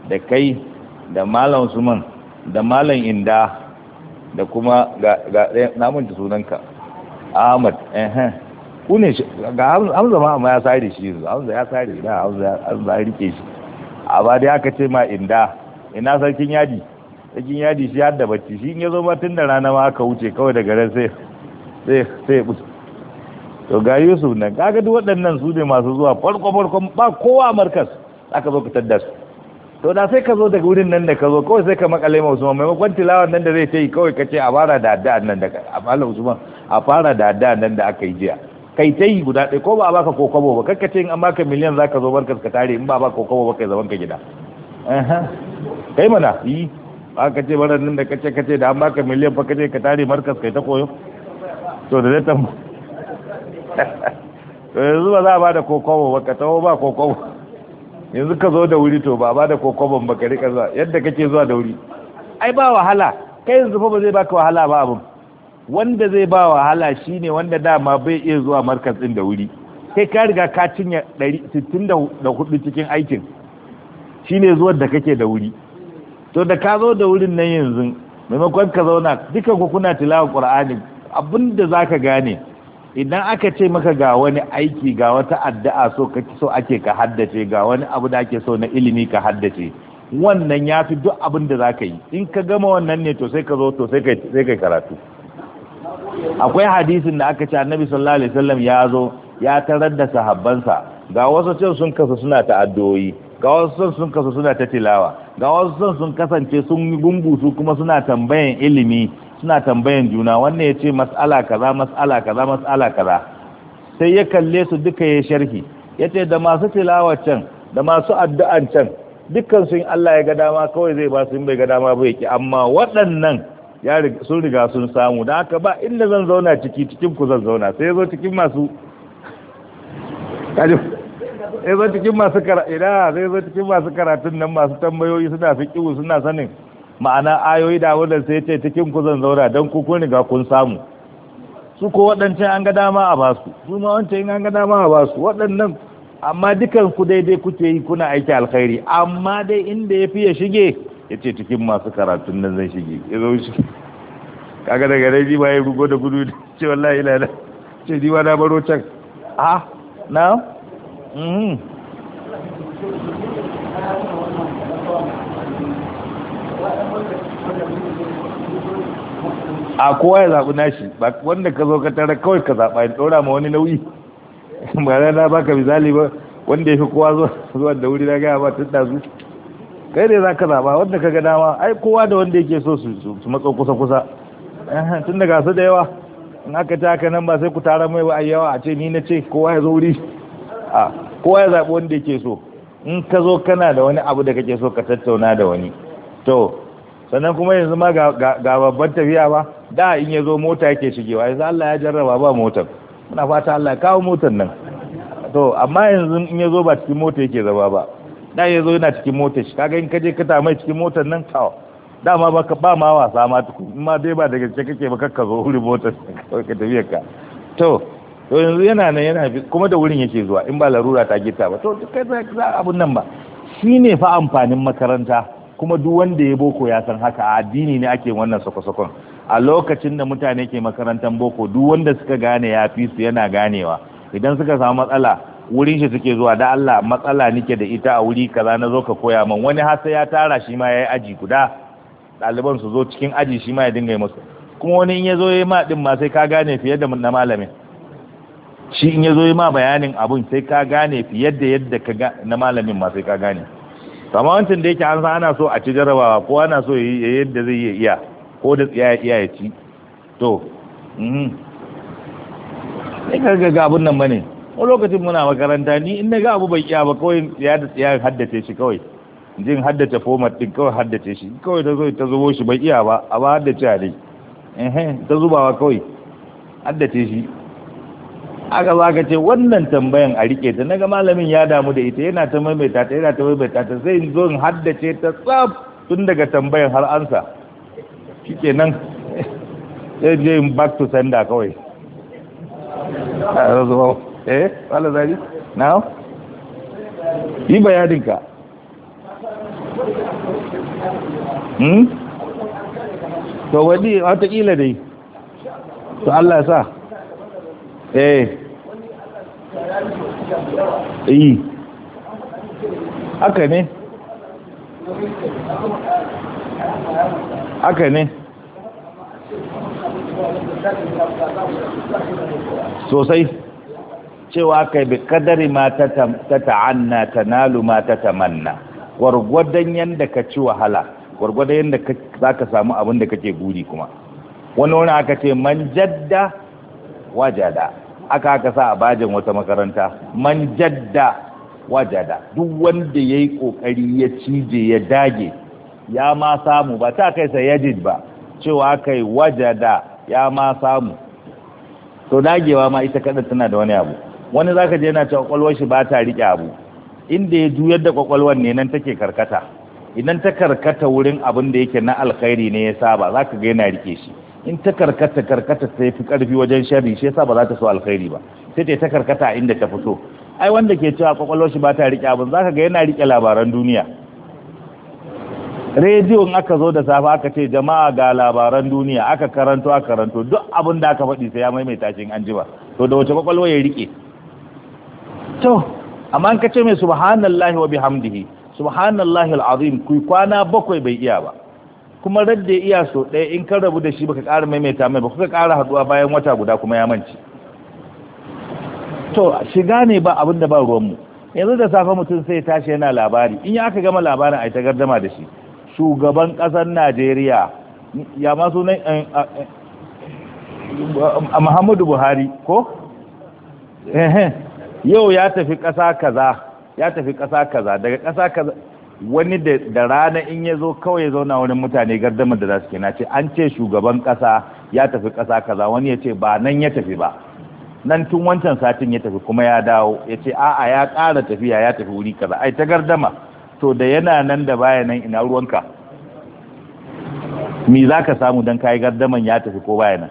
da kai da malam usman da malam inda da kuma ga ga namun da sunanka ahmad ehen ku ne ga hamza ma amma ya sare shi hamza ya sare da hamza ya rike shi a ba dai aka ce ma inda ina sarkin yadi sarkin yadi shi hadda bacci shi in ya zo tun da rana ma aka wuce kawai daga ran sai sai sai to ga yusuf nan kaga duk waɗannan su ne masu zuwa farko farko ba kowa markas aka zo fitar da su to da sai ka zo daga wurin nan da ka zo kawai sai ka makale ma usman maimakon tilawan nan da zai ta yi kawai ka ce a fara da addu'a nan da a fara usman a fara da addu'a nan da aka yi jiya kai ta yi guda ɗaya ko ba a baka ko kwabo ba kakka ce in an baka miliyan za ka zo barkas ka tare in ba a baka ko kwabo ba kai zaman ka gida kai mana yi ka ce baran nan da kace kace da an baka miliyan fa kace ka tare markas kai ta koyo to da zai to yanzu ba za a bada kokobo ba ka taho ba kokobo yanzu ka zo da wuri to ba bada kokobon ba ka rika zuwa yadda kake zuwa da wuri ai ba wahala kai yanzu fa ba zai baka wahala ba abin wanda zai ba wahala shine wanda dama bai iya zuwa markas din da wuri kai ka riga ka cinye 64 cikin aikin shine zuwan da kake da wuri to da ka zo da wurin nan yanzu maimakon ka zauna duka ku kuna tilawa qur'ani abinda zaka gane idan aka ce maka ga wani aiki ga wata addu'a so kake so ake ka haddace ga wani abu da ake so na ilimi ka haddace wannan ya fi duk abin da za ka yi in ka gama wannan ne to sai ka zo to sai ka karatu akwai hadisin da aka ce annabi sallallahu alaihi wasallam ya zo ya tarar da sahabbansa ga wasu cewa sun kasu suna ta'addoyi ga wasu son sun kasu suna ta tilawa ga wasu son sun kasance sun yi gumbusu kuma suna tambayan ilimi suna tambayan juna wannan ya ce mas'ala kaza mas'ala kaza mas'ala kaza sai ya kalle su duka ya sharhi ya ce da masu tilawa can da masu addu'an can dukkan sun Allah ya ga dama kawai zai ba su bai ga dama bai ki amma waɗannan ya sun riga sun samu da haka ba inda zan zauna ciki cikin ku zan zauna sai zo cikin masu zai cikin masu ina zai cikin masu karatun nan masu tambayoyi suna fiqihu suna sanin ma'ana ayoyi da wadda sai ce cikin ku zan zauna don ku kuni ga kun samu su ko waɗancan an ga dama a basu su ma wancan an ga dama a basu waɗannan amma dukan ku daidai kuke yi kuna aiki alkhairi amma dai inda ya fi ya shige ya ce cikin masu karatun nan zai shige ya zo shi kaga daga dai ji ya ya rugo da gudu ce wallahi ila ce jima na baro can a ah, na Mm-hmm. a kowa ya zaɓi nashi ba wanda ka zo ka tara kawai ka zaɓa ya ɗora ma wani nauyi ba rana ba ka misali ba wanda ya fi kowa zuwa da wuri na gaya ba tun da su kai ne za ka zaɓa wanda ka ga dama ai kowa da wanda yake so su matso kusa-kusa tun da gasu da yawa in aka ta haka nan ba sai ku tara mai ba a yawa a ce ni na ce kowa ya zo wuri a kowa ya zaɓi wanda yake so in ka zo kana da wani abu da kake so ka tattauna da wani to sannan kuma yanzu ma ga babban tafiya ba da in ya zo mota yake shigewa yanzu Allah ya jarraba ba motar muna fata Allah ya kawo motar nan to amma yanzu in ya zo ba cikin mota yake zama ba da ya zo yana cikin mota shi kaga in ka je ka ta mai cikin motar nan kawo dama ba ka ba ma wasa ma tukun in ma dai ba daga cikin kake ba kakka zo wuri motar ka tafiyar ka to to yanzu yana nan yana kuma da wurin yake zuwa in ba larura ta gita ba to kai za abun nan ba shi ne fa amfanin makaranta kuma duk wanda ya boko ya san haka a addini ne ake wannan sokosokon. a lokacin da mutane ke makarantar boko duk wanda suka gane ya fi su yana ganewa idan suka samu matsala wurin shi suke zuwa da Allah matsala nike da ita a wuri kaza na zo ka koya min wani har sai ya tara shi ma yayi aji guda ɗaliban su zo cikin aji shi ma ya dinga yi musu kuma wani in ya zo ya yi ma din ma sai ka gane fiye da na malamin shi in ya zo ma bayanin abun sai ka gane fiye da yadda ka ga na malamin ma sai ka gane amma wancan da yake an san ana so a ci jarabawa ko ana so ya yadda zai iya iya ko da tsaya iya ya ci to mhm. sai ka ga abun nan bane ko lokacin muna makaranta ni in na ga abu bai iya ba kawai ya da tsaya haddace shi kawai jin haddace format din kawai haddace shi kawai ta zo ta zubo shi bai iya ba a ba haddace a dai ta zubawa kawai haddace shi aka za ka ce wannan tambayan a rike ta naga malamin ya damu da ita yana ta maimaita ta yana ta maimaita ta sai in zo in haddace ta tsaf tun daga tambayan har ansa nan, sai je in back to sender kawai eh wala zai now yi bayanin ka hmm to wani watakila dai to Allah sa eh yi haka ne haka ne sosai cewa kai bi kadari ma ta ta'anna ta nalu ma ta tamanna gwargwadon yadda ka ci wahala gwargwadon yadda za ka samu abinda da kake buri kuma wani wani aka ce man jadda wajada aka aka sa a bajin wata makaranta man jadda wajada duk wanda ya yi ƙoƙari ya cije ya dage ya ma samu ba ta kai sa yajid ba cewa kai wajada ya ma samu to dagewa ma ita kada tana da wani abu wani zaka je yana cewa kwakwalwar shi ba ta rike abu inda ya juyar da kwakwalwar ne nan take karkata idan ta karkata wurin abin da yake na alkhairi ne ya saba zaka ga yana rike shi in ta karkata karkata ta fi karfi wajen sharri shi yasa ba za ta so alkhairi ba sai ta ta karkata inda ta fito ai wanda ke cewa kwakwalwar shi ba ta rike abin zaka ga yana rike labaran duniya rediyo in aka zo da safe aka ce jama'a ga labaran duniya aka karanto aka karanto duk abin da aka faɗi sai ya maimaita shi an jiba to da wace kwakwalwa ya rike to amma an kace mai subhanallahi wa bihamdihi subhanallahi alazim ku kwana bakwai bai iya ba kuma radda iya so ɗaya in ka rabu da shi baka ƙara maimaita mai ba kuka ƙara haɗuwa bayan wata guda kuma ya manci to shiga ne ba abin da ba ruwanmu yanzu da safe mutum sai tashi yana labari in ya aka gama labarin a ta gardama da shi shugaban ƙasar najeriya ya ma sunan eh, eh, muhammadu buhari ko yau ya tafi ƙasa kaza ya tafi ƙasa kaza daga ƙasa kaza wani da rana in ya zo kawai ya zauna wani mutane gardamar da za su na ce an ce shugaban kasa ya tafi kasa kaza wani ya ce ba nan ya tafi ba nan tun wancan satin ya tafi kuma ya dawo ya ce a'a ya ƙara tafiya ya tafi wuri kaza ai ta gardama to da yana nan da baya nan ina ruwanka me za ka samu don kayi gardaman ya tafi ko baya nan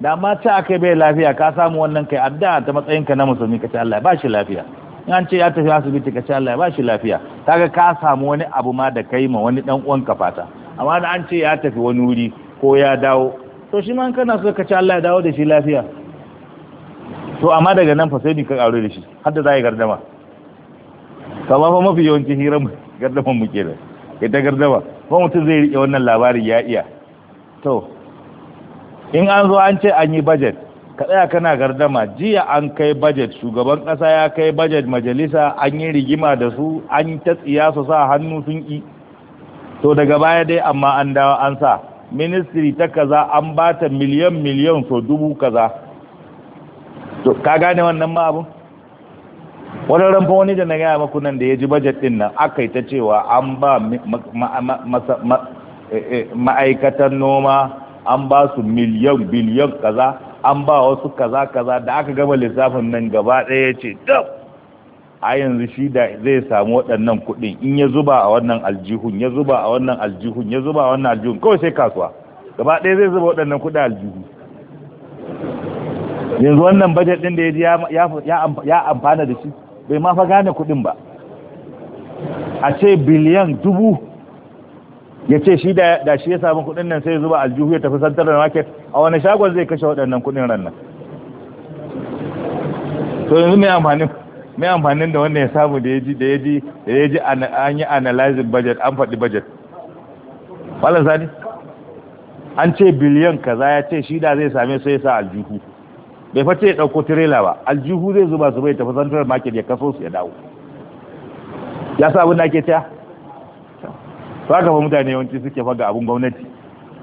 da ma ta aka bai lafiya ka samu wannan kai adda ta matsayinka na musulmi ka ce Allah ba shi lafiya in ce ya tafi asibiti ka ce Allah ya bashi lafiya kaga ka samu wani abu ma da kai ma wani dan uwan ka fata amma da an ce ya tafi wani wuri ko ya dawo to shi ma kana so ka ce Allah ya dawo da shi lafiya to amma daga nan fa sai ka karo da shi har da zai gardama kamar fa mafi yawanci mu gardama mu ke ita gardama ko mutum zai rike wannan labarin ya iya to in an zo an ce an yi budget ka tsaya kana gardama jiya an kai budget shugaban kasa ya kai budget majalisa an yi rigima da su an ta tsiya su sa hannu sun ki to daga baya dai amma an dawo an sa ministry ta kaza an ba ta miliyan miliyan so dubu kaza to ka gane wannan ma abu wani ranfa wani da na gaya maku da ya ji budget din nan aka ta cewa an ba eh, eh, ma'aikatan noma an ba su miliyan biliyan kaza an ba wasu kaza kaza da aka gama lissafin nan gaba ɗaya ya ce dab a yanzu shi da zai samu waɗannan kuɗin in ya zuba a wannan aljihun ya zuba a wannan aljihun ya zuba a wannan aljihun kawai sai kasuwa gaba ɗaya zai zuba waɗannan kuɗin aljihu yanzu wannan bajet ɗin da ya ji ya amfana da shi bai ma fa gane kuɗin ba a ce biliyan dubu ya ce shi da shi ya samu kudin nan sai zuba aljihu ya tafi santar da market a wani shagon zai kashe waɗannan kudin ran nan to yanzu mai amfanin mai amfanin da wanda ya samu da ya ji da ya ji da ya ji an yi analyzing budget an faɗi budget falon sani an ce biliyan kaza ya ce shi da zai same su ya sa aljihu bai fata ya ɗauko tirela ba aljihu zai zuba su bai tafi santar market ya kaso su ya dawo ya sa abin da ake cewa to haka fa mutane yawanci suke faga abun gwamnati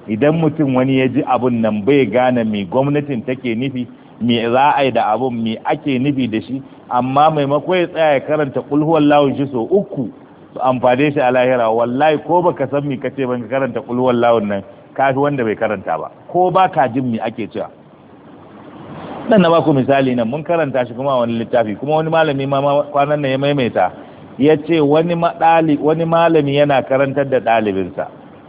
idan mutum wani ya ji abun nan bai gane mai gwamnatin take nufi mai za a da abun mai ake nufi da shi amma maimako ya tsaya ya karanta kulhuwar lawun shi sau uku su amfane shi a lahira wallahi ko baka san mai kace ban karanta kulhuwar lawun nan kafi wanda bai karanta ba ko ba ka jin mai ake cewa dan na baku misali nan mun karanta shi kuma wani littafi kuma wani malami ma kwanan nan ya maimaita ya ce wani malami yana karantar da ɗalibinsa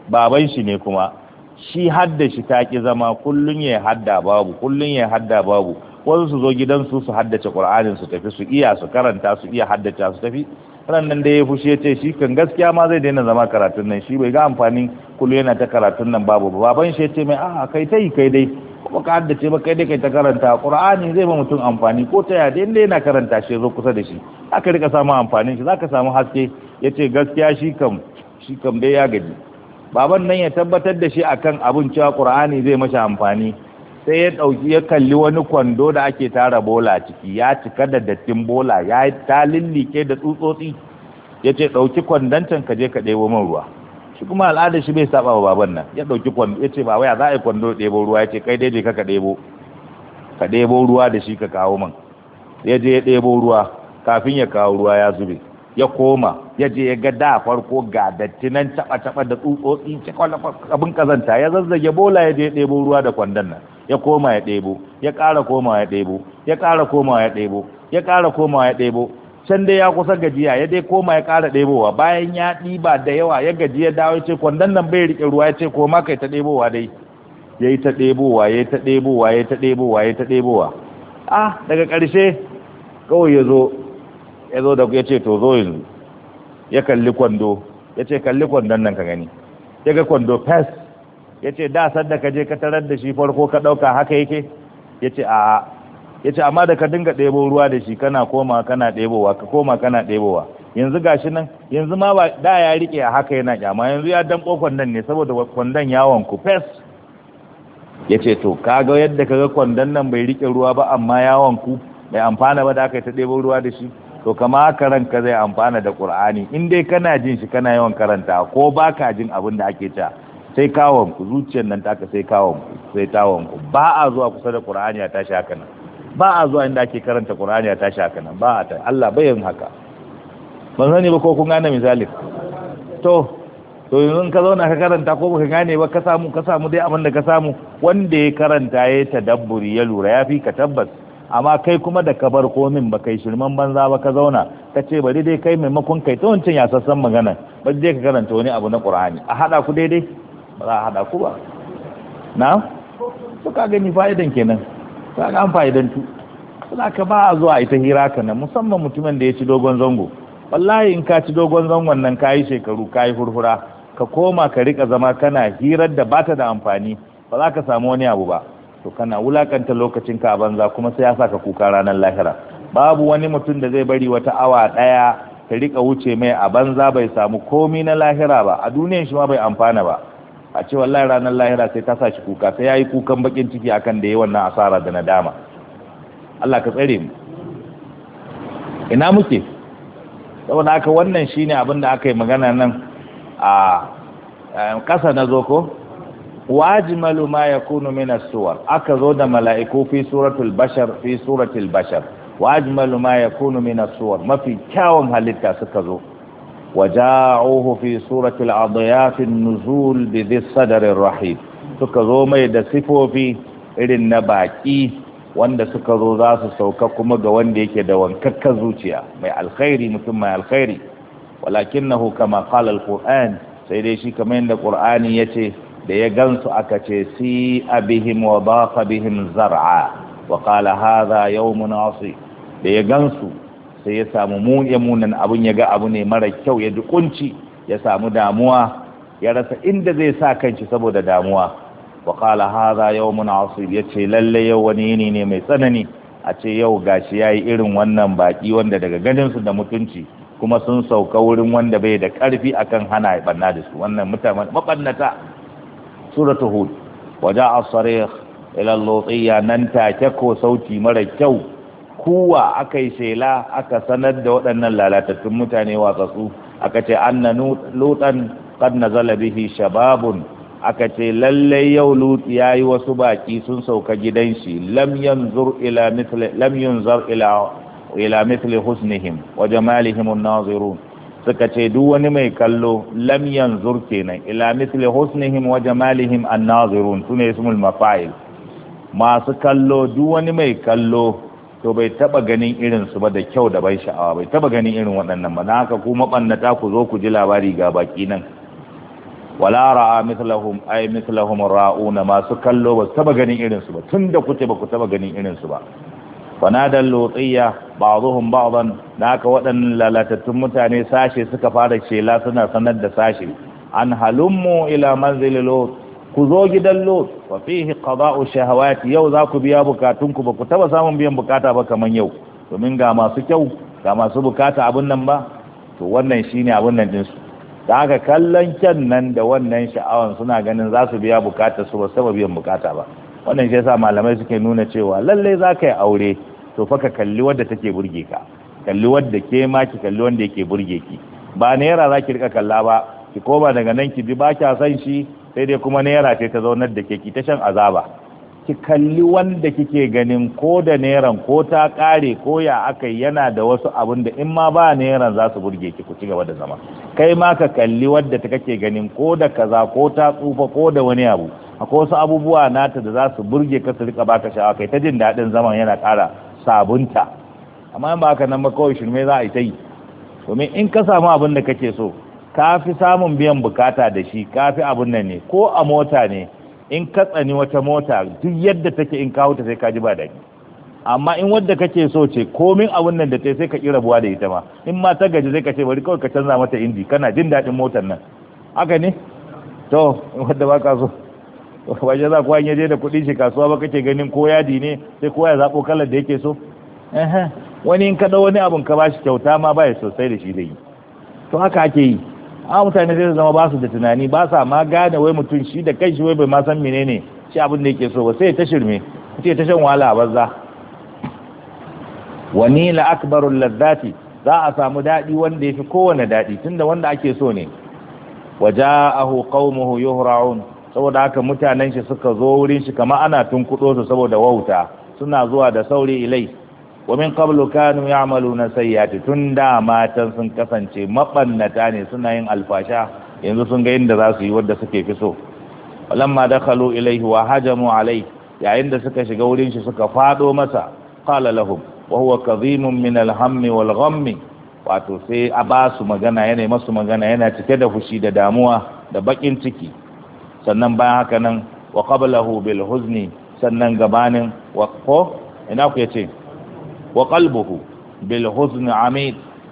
baban shi ne kuma shi hadda shi ta ƙi zama kullum ya hadda babu kullum ya hadda babu wasu su zo gidansu su haddace ƙur'anin su tafi su iya su karanta su iya haddace su tafi nan da ya fushi ya ce shi kan gaskiya ma zai daina zama karatun nan shi bai ga amfanin kullum yana ta karatun nan babu baban shi ya ce mai a kai ta yi kai dai kuma ka haddace ba kai dai kai ta karanta qur'ani zai ba mutum amfani ko ta yadda inda yana karanta shi zo kusa da shi aka rika samu amfanin shi zaka samu haske yace gaskiya shi kam shi kam dai ya gaji baban nan ya tabbatar da shi akan abun cewa qur'ani zai masa amfani sai ya dauki ya kalli wani kwando da ake tara bola ciki ya cika da dattin bola ya ta lillike da tsutsotsi yace dauki kwandon can ka je ka debo man ruwa shi kuma al'adar shi bai saba wa baban nan ya dauki kwando ya ce ba waya za a yi kwando ɗebo ruwa ya ce kai daidai ka ka ɗebo ka ɗebo ruwa da shi ka kawo man ya je ya ɗebo ruwa kafin ya kawo ruwa ya zube ya koma ya je ya ga da farko ga datti nan taba taba da tsutsotsi cikin abin kazanta ya zazzage bola ya je ɗebo ruwa da kwandon nan ya koma ya ɗebo ya ƙara koma ya ɗebo ya ƙara koma ya ɗebo ya ƙara koma ya ɗebo can dai ya kusa gajiya ya dai koma ya kara ɗebowa bayan ya ɗiba da yawa ya gaji ya dawo ya ce kwandon nan bai riƙe ruwa ya ce koma kai ta ɗebowa dai ya yi ta ɗebowa ya yi ta ɗebowa ya yi ta ɗebowa ya yi ta ɗebowa ah daga ƙarshe kawai ya zo ya zo da ya ce to zo yanzu ya kalli kwando ya ce kalli kwandon nan ka gani ya ga kwando fes ya ce da sanda ka je ka tarar da shi farko ka ɗauka haka yake ya ce a'a ya ce amma da ka dinga ɗebo ruwa da shi kana koma kana ɗebowa ka koma kana ɗebowa yanzu gashi nan yanzu ma ba da ya riƙe a haka yana kyama yanzu ya danɓo kwandon ne saboda kwandon ya wanku fes ya ce to kaga yadda ga kwandon nan bai riƙe ruwa ba amma ya wanku bai amfana ba da aka ta ɗebo ruwa da shi to kama haka ranka zai amfana da ƙur'ani in dai kana jin shi kana yawan karanta ko ba ka jin abin da ake ta sai kawon ku zuciyar nan taka sai kawon ku sai tawon ku ba a zuwa kusa da ƙur'ani a tashi haka nan ba a zuwa inda ake karanta qur'ani a tashi haka nan ba a ta Allah bai yin haka ban sani ba ko kun gane misali to to yanzu ka zauna ka karanta ko baka gane ba ka samu ka samu dai abin da ka samu wanda ya karanta ya tadabburi ya lura ya fi ka tabbas amma kai kuma da ka bar komin ba kai shirman banza ba ka zauna ka ce bari dai kai maimakon kai ta wancan ya sassan magana ba dai ka karanta wani abu na qur'ani a hada ku daidai ba za a hada ku ba na to ka gani fa'idan kenan ta ga an fa'idantu suna ka ba a zuwa ita hira ka nan musamman mutumin da ya ci dogon zango wallahi in ka ci dogon zangon nan ka yi shekaru ka yi hurhura ka koma ka rika zama kana hirar da bata da amfani ba za ka samu wani abu ba to kana wulakanta lokacin ka banza kuma sai ya sa ka kuka ranar lahira babu wani mutum da zai bari wata awa daya ka rika wuce mai a banza bai samu komi na lahira ba a duniyan shi ma bai amfana ba a ce wallahi ranar lahira sai ta sashi kuka sai yayi kukan bakin ciki akan da yayi wannan asara da nadama Allah ka tsare mu ina muke saboda haka wannan shine abin da aka yi magana nan a kasa na zo ko wajmalu ma yakunu min as-suwar aka zo da mala'iku fi suratul bashar fi suratul bashar wajmalu ma yakunu min as-suwar mafi kyawun halitta suka zo وجاعوه في سورة العضياف النزول بذي الصدر الرحيم suka zo mai da sifofi irin na baki wanda suka zo zasu sauka kuma ga wanda yake da wankakkan zuciya mai alkhairi mutum mai alkhairi walakinnahu kama qala alquran sai dai shi kamar yadda qur'ani yace da ya gansu aka ce si abihim wa baqa bihim zar'a wa qala da ya gansu sai ya samu mu ya munan abun ya ga abu ne mara kyau ya ji kunci ya samu damuwa ya rasa inda zai sa kanci saboda damuwa wa qala hadha yawmun asib yace lalle yau wani yini ne mai tsanani a ce yau gashi yayi irin wannan baki wanda daga ganin su da mutunci kuma sun sauka wurin wanda bai da karfi akan hana ya da su wannan mutane mabannata suratul hud waja'a sarih ila lutiya nan take ko sauti mara kyau kuwa aka yi shela aka sanar da waɗannan lalatattun mutane watsatsu aka ce anna lutan qad nazala bihi shababun aka ce lallai yau lut yi wasu baki sun sauka gidan shi lam yanzur ila mithli ila mithli husnihim wa jamalihim an-nazirun suka ce duk wani mai kallo lam zur kenan ila mithli husnihim wa jamalihim an-nazirun sune ismul mafa'il masu kallo duk wani mai kallo to bai taba ganin irin su ba da kyau da ban sha'awa bai taba ganin irin waɗannan ba na haka ku mabannata ku zo ku ji labari ga baki nan wala ra'a mithlahum ay mithlahum ra'una masu kallo ba taba ganin irin su ba tunda kuce ba ku taba ganin irin su ba fanadal lutiyya ba'dhum ba'dan Na haka waɗannan lalatattun mutane sashe suka fara shela suna sanar da sashe an halummu ila manzil lut ku zo gidan lot wa fihi qada'u shahawati yau za ku biya bukatun ku ba ku taba samun biyan bukata ba kaman yau domin ga masu kyau ga masu bukata abun nan ba to wannan shine abun nan din su da haka kallon kyan nan da wannan sha'awan suna ganin za su biya bukata su ba saba biyan bukata ba wannan shi yasa malamai suke nuna cewa lalle za ka yi aure to fa ka kalli wadda take burge ka kalli wadda ke ma ki kalli wanda yake burge ki ba naira za ki rika kalla ba ki koma daga nan ki bi ba kya san shi sai dai kuma naira ce ta zaunar da ke ki ta shan azaba ki kalli wanda kike ganin ko da neran ko ta kare ko ya aka yana da wasu abin da in ma ba neran za su burge ki ku ci gaba da zama kai ma ka kalli wadda ta kake ganin ko da kaza ko ta tsufa ko da wani abu akwai wasu abubuwa nata da za su burge ka su rika baka sha'awa kai ta jin daɗin zaman yana kara sabunta amma in ba haka nan ba kawai shirme za a yi ta yi domin in ka samu abin da kake so ka fi samun biyan bukata da shi ka fi abun nan ne ko a mota ne in ka tsani wata mota duk yadda take in ka huta sai ka ji ba daɗi amma in wadda kake so ce komin abun nan da ta sai ka ƙi rabuwa da ita ma in ma ta gaji sai ka ce bari kawai ka canza mata inji kana jin daɗin motar nan haka ne to wadda ba ka so ba za ku hanyar je da kuɗi shi kasuwa ba kake ganin ko yadi ne sai kowa ya zaɓo kalar da yake so wani in kaɗa wani abun ka ba shi kyauta ma ba ya sosai da shi da yi to haka ake yi a mutane zai zama ba su da tunani ba sa ma gane wai mutum shi da kai shi wai bai ma san menene shi abin da yake so ba sai ta shirme sai ta shan wahala a banza wani la akbarul ladzati za a samu dadi wanda yafi kowane dadi tunda wanda ake so ne waja'ahu qaumuhu yuhra'un saboda haka mutanen shi suka zo wurin shi kamar ana tunkudo su saboda wauta suna zuwa da sauri ilai wa min qablu kanu ya'maluna sayyiati tun da matan sun kasance mabannata ne suna yin alfasha yanzu sun ga inda za su yi wanda suke fi so walamma dakhalu ilayhi wa hajamu alayhi yayin da suka shiga wurin shi suka fado masa qala lahum wa huwa kadhimun min alhammi wal ghammi wato sai a basu magana yana masu magana yana cike da fushi da damuwa da bakin ciki sannan bayan haka nan wa qablahu bil huzni sannan gabanin wa ko ina ku yace wa Buhu, bil huzn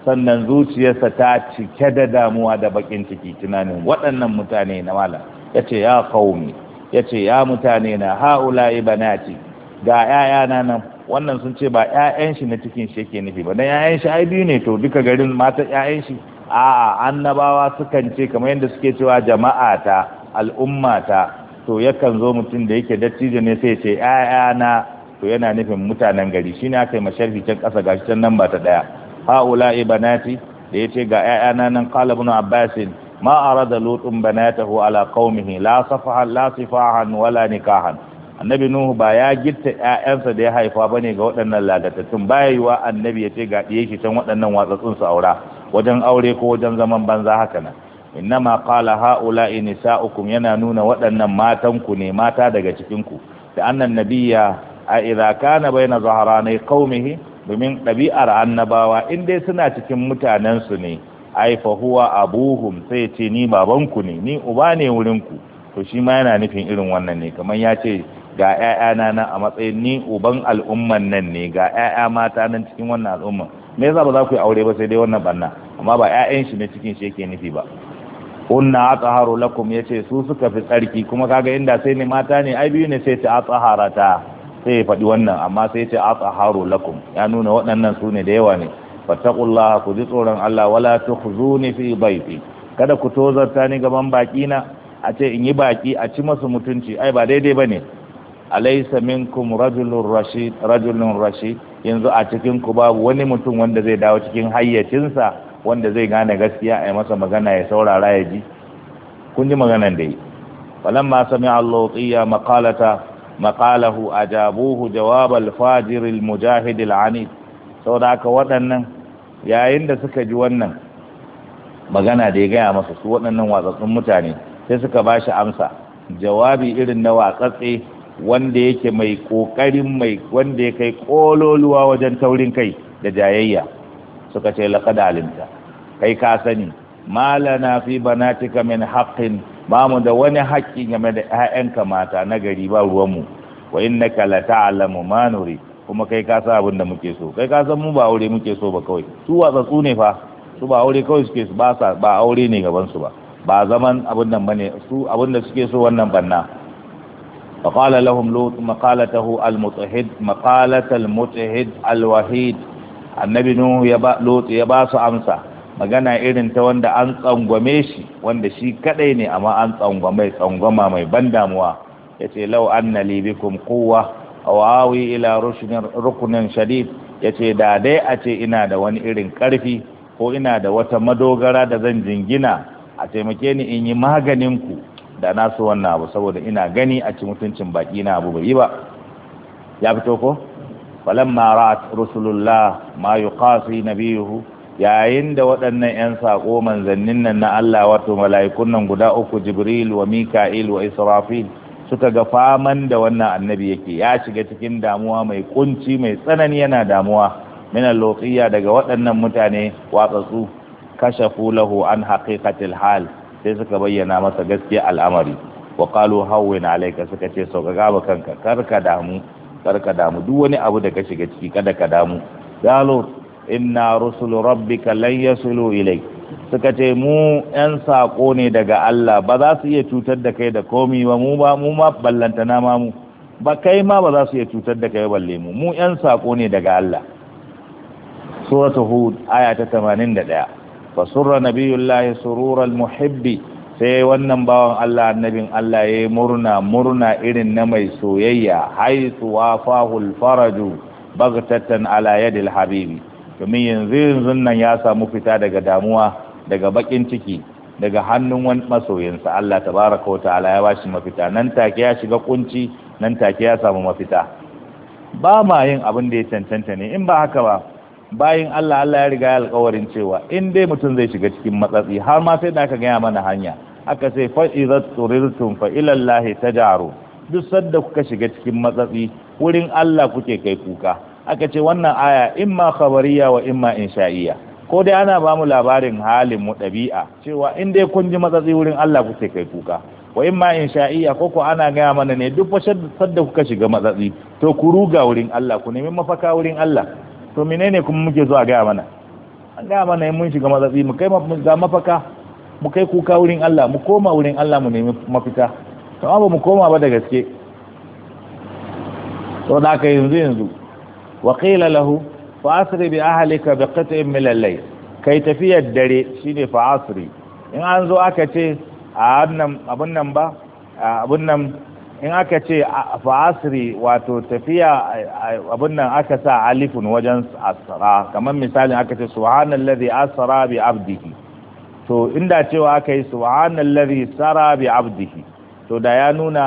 sannan zuciyarsa ta cike da damuwa da bakin ciki tunanin waɗannan mutane na mala yace ya qaumi yace ya mutane na haula ibanati ga yayana nan wannan sun ce ba 'ya'yan shi na cikin shi yake nufi ba dan 'ya'yan shi ai biyu ne to duka garin mata 'ya'yan shi a'a annabawa sukan ce kamar yadda suke cewa jama'a ta, al'umma ta, to yakan zo mutum da yake dattijo ne sai ce na. to yana nufin mutanen gari shine aka yi masharfi can ƙasa gashi can nan ba ta daya haula ibanati da yace ga ƴaƴana nan qala ibn abbas ma arada lutun banatahu ala qaumihi la safaha la sifahan wala nikahan annabi nuhu ba ya gitta ƴaƴansa da ya haifa ba ne ga waɗannan ladatattun baya wa annabi ya ce ga ɗiye shi can waɗannan watsatsun su aura wajen aure ko wajen zaman banza haka nan innama qala haula'i nisa'ukum yana nuna waɗannan matanku ne mata daga cikin ku da annan nabiyya a idza kana zahara ne qaumihi domin ɗabi'ar annabawa in suna cikin mutanensu ne ai fa huwa abuhum sai ce ni babanku ne ni uba ne wurinku to shi ma yana nufin irin wannan ne kamar ya ce ga 'ya'yana nan a matsayin ni uban al'umman nan ne ga 'ya'ya mata nan cikin wannan al'umma. me yasa ba za ku yi aure ba sai dai wannan banna amma ba 'ya'yan shi ne cikin shi yake nufi ba unna atsaharu lakum yace su suka fi tsarki kuma kaga inda sai ne mata ne ai biyu ne sai ta atsaharata sai ya faɗi wannan amma sai ya ce a tsaharo lakum ya nuna waɗannan su ne da yawa ne fattakullaha ku ji tsoron Allah wala ta ku fi dhayfi kada ku tozarta ni gaban baki na a ce in yi baki a ci masu mutunci ai ba daidai bane alaysa minkum rajulun rashid rajulun rashid yanzu a cikin ku babu wani mutum wanda zai dawo cikin hayyacinsa wanda zai gane gaskiya a yi masa magana ya saurara ya ji kun ji maganan da yi falamma sami Allah qiya maqalata Maƙalahu, ajabuhu jabuhu al-fajir al-mujahid al waɗannan yayin da suka ji wannan magana da ya gaya masa su waɗannan watsatsun mutane sai suka ba shi amsa jawabi irin na watsatse wanda yake mai ƙoƙarin mai wanda ya kai ƙololuwa wajen taurin kai da jayayya suka ce laqad alimta kai ka sani malana fi banatika min haqqin ba mu da wani haƙƙi game da ƴaƴanka mata na gari ba ruwanmu wa innaka la ta'lamu ma nuri kuma kai ka san abin da muke so kai ka san mu ba aure muke so ba kawai su watsatsu ne fa su ba aure kawai suke su ba sa ba aure ne gaban su ba ba zaman abin nan bane su abin da suke so wannan banna فقال لهم لوط مقالته المتحد مقالة المتحد الوحيد annabi nuhu ya ba lot ya ba su amsa magana irin ta wanda an tsangwame shi wanda shi kadai ne amma an tsangwame tsangwama mai ban damuwa yace law anna li bikum kowa a wawi ila rukunin shadid ce da dai a ce ina da wani irin karfi ko ina da wata madogara da zan jingina a taimake ni in yi maganin ku da nasu so wannan abu saboda ina gani a ci mutuncin baki na abu bai yi ba ya fito ko falamma ra'at rusulullah ma yuqasi nabiyuhu yayin da waɗannan 'yan saƙo manzannin nan na Allah wato mala'ikun nan guda uku Jibril wa Mika'il wa Israfil suka ga faman da wannan annabi yake ya shiga cikin damuwa mai kunci mai tsanani yana damuwa min al daga waɗannan mutane watsatsu kashe lahu an haqiqatil hal sai suka bayyana masa gaskiya al'amari wa qalu hawwin alayka suka ce sauƙaƙa gaba kanka karka damu karka damu duk wani abu da ka shiga ciki kada ka damu dalo inna rusulu rabbika lan yasulu ilai suka ce mu yan sako ne daga Allah ba za su iya cutar da kai da komi ba mu ba mu ma ballanta na ma mu ba kai ma ba za su iya cutar da kai balle mu mu yan sako ne daga Allah suratu hud aya ta 81 fasurra nabiyullahi surural muhibbi sai wannan bawan Allah annabin Allah ya yi murna murna irin na mai soyayya haisu wafahul faraju bagtatan ala yadil habibi domin yanzu yanzu nan ya samu fita daga damuwa daga bakin ciki daga hannun wani masoyinsa Allah tabaraka ta'ala ya bashi mafita nan take ya shiga kunci nan take ya samu mafita ba ma yin abin da ya cancanta ne in ba haka ba bayin Allah Allah ya riga ya alƙawarin cewa in dai mutum zai shiga cikin matsatsi har ma sai da aka gaya mana hanya aka sai fa idza turiltum fa ila Allah tajaru duk sadda kuka shiga cikin matsatsi wurin Allah kuke kai kuka aka ce wannan aya in ma khabariya wa in ma insha'iya ko dai ana ba mu labarin halin mu ɗabi'a cewa in dai kun ji matsatsi wurin Allah ku sai kai kuka wa in ma insha'iya ko ko ana gaya mana ne duk sadda kuka shiga matsatsi to ku ruga wurin Allah ku nemi mafaka wurin Allah to menene kuma muke zuwa gaya mana an gaya mana mun shiga matsatsi mu kai mafaka mu kai kuka wurin Allah mu koma wurin Allah mu nemi mafita to amma mu koma ba da gaske to da ka yanzu yanzu wa lahu fa asri ahali ahlika bi qit'in min al-layl kai tafiyar dare shine fa in an zo aka ce a ba in aka ce fa asri wato tafiya abunnan aka sa alifun wajen asra kamar misalin aka ce subhanallazi asra bi abdihi to inda cewa aka yi subhanallazi sara bi abdihi to da ya nuna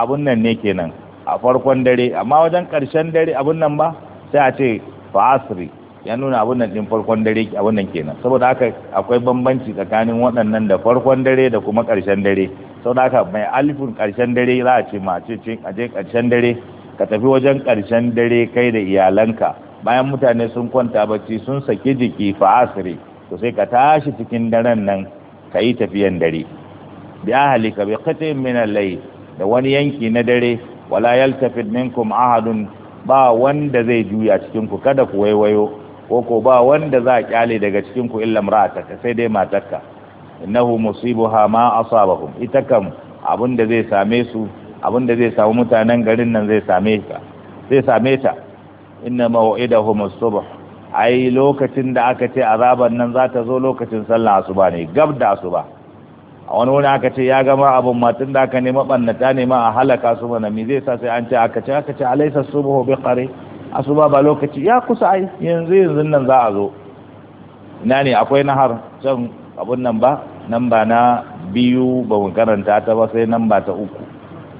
abunnan ne kenan a farkon dare amma wajen ƙarshen dare abun nan ba sai a ce fasri ya nuna abun nan din farkon dare abun nan kenan saboda haka akwai bambanci tsakanin waɗannan da farkon dare da kuma ƙarshen dare saboda haka mai alifin ƙarshen dare za a ce ma ce ce a je ƙarshen dare ka tafi wajen ƙarshen dare kai da iyalanka bayan mutane sun kwanta bacci sun saki jiki fa'asri to sai ka tashi cikin daren nan ka yi tafiyan dare bi ka bi qatin min al-layl da wani yanki na dare wala yaltafid minkum ahadun ba wanda zai juya cikin ku kada ku waiwayo ko ko ba wanda za a kyale daga cikin ku illa imra'ataka sai dai matarka innahu musibuha ma asabahum ita kam zai same su da zai samu mutanen garin nan zai same ta zai same ta inna maw'idahum as-subh ai lokacin da aka ce azaban nan za ta zo lokacin sallah asuba ne gab da asuba a wani wani aka ce ya gama abin matun da aka nema ɓannata nema a halaka su mana mi zai sa sai an ce aka ce aka ce su ba hobe kare asuba ba lokaci ya kusa ai yanzu yanzu nan za a zo ina ne akwai nahar can abun nan ba nan ba na biyu ba mu karanta ta ba sai nan ba ta uku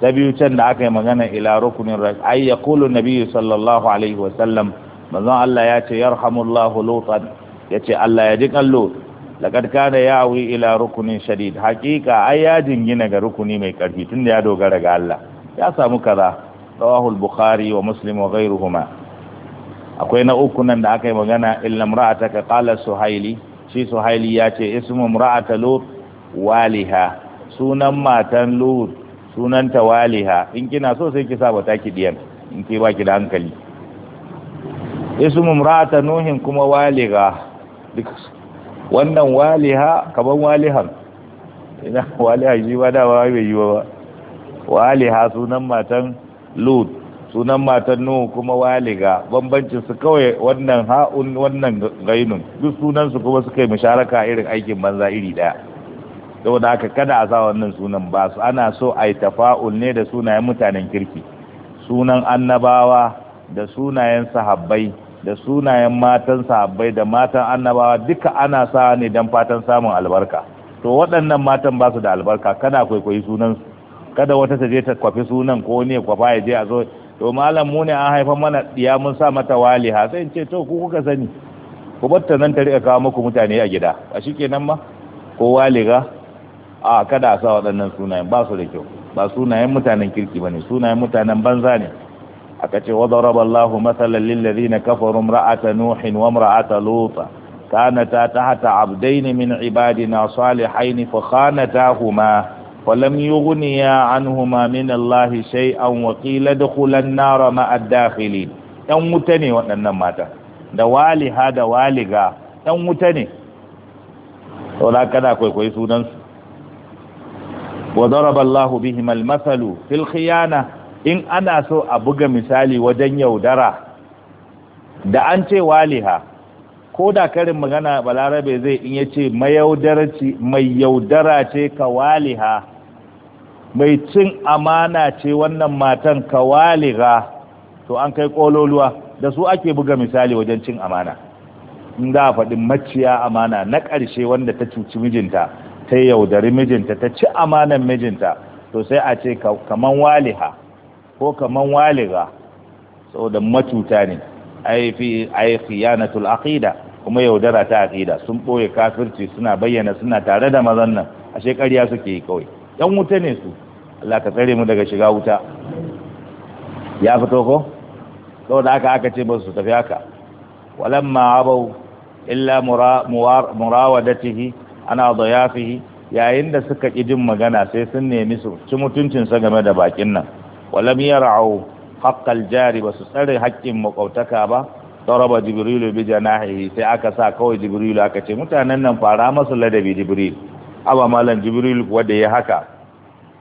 ta biyu can da aka yi magana ila rukunin rashi ai ya kulu nabi sallallahu alaihi wasallam manzon Allah ya ce yarhamullahu lutan ya ce Allah ya ji kan laqad kana ya'wi ila rukunin shadid haƙiƙa ai ya jingina ga rukuni mai karfi tunda ya dogara ga Allah ya samu kaza rawahu al-bukhari wa muslim wa ghayruhuma akwai na uku nan da aka yi magana illa imra'ataka qala suhaili shi suhaili ya ce ismu imra'ata lut waliha sunan matan lut sunanta waliha in kina so sai ki sa bata ki diyan in ki ba ki da hankali ismu imra'ata nuhin kuma waliga wannan waliha kaman walihan ina waliha ji ba da ba bai yi ba waliha sunan matan lut sunan matan nuhu kuma waliga bambancin su kawai wannan ha'un wannan gainun duk sunan su kuma suka yi musharaka irin aikin banza iri daya saboda haka kada a sa wannan sunan ba su ana so a yi tafa'ul ne da sunayen mutanen kirki sunan annabawa da sunayen sahabbai da sunayen matan sahabbai da matan annabawa duka ana sa ne don fatan samun albarka to waɗannan matan ba su da albarka kana kwaikwayi sunansu kada wata ta je ta kwafi sunan ko ne kwafa ya je a zo to malam mu ne an haifa mana diya mun sa mata waliha sai ce to ku kuka sani ku batta nan ta rika kawo muku mutane a gida a shikenan ma ko waliga a kada a sa waɗannan sunayen ba su da kyau ba sunayen mutanen kirki bane sunayen mutanen banza ne aka ce wa daraba Allahu masalan lil ladina kafaru imra'ata nuhin wa imra'ata lut kanata tahta abdayn min ibadina salihain fa khanatahuma فلم يغنيا عنهما من الله شيئا وقيل ادخلا النار مع الداخلين ɗan wuta ne waɗannan mata da waliha da waliga ɗan wuta ne saboda kada kwaikwayi sunansu wa daraba Allahu bihim al-masalu fil khiyana in ana so a buga misali wajen yaudara da an ce waliha ko da karin magana balarabe zai in ya ce mai yaudara ce ka waliha mai cin amana ce wannan matan ka waliha to an kai kololuwa da su ake buga misali wajen cin amana in za a faɗi maciya amana na ƙarshe wanda ta cuci mijinta ta yaudari mijinta ta ci amanan mijinta to sai a ce kaman waliha ko kaman waliga saboda matuta ne ai fi ai kuma yaudara ta aƙida, sun boye kafirci suna bayyana suna tare da mazan nan ashe ƙarya suke yi kawai yan wuta ne su Allah ka tsare mu daga shiga wuta ya fito ko saboda haka aka ce ba su tafi haka walamma abau illa murawadatihi ana dayafihi yayin da suka ƙi jin magana sai sun nemi su ci mutuncinsa game da bakin nan walam yar'u haqqal jari ba su tsare haƙƙin makwabtaka ba daraba jibrilu bi janahihi sai aka sa kawai jibrilu aka ce mutanen nan fara masu ladabi jibril aba malam jibril wanda ya haka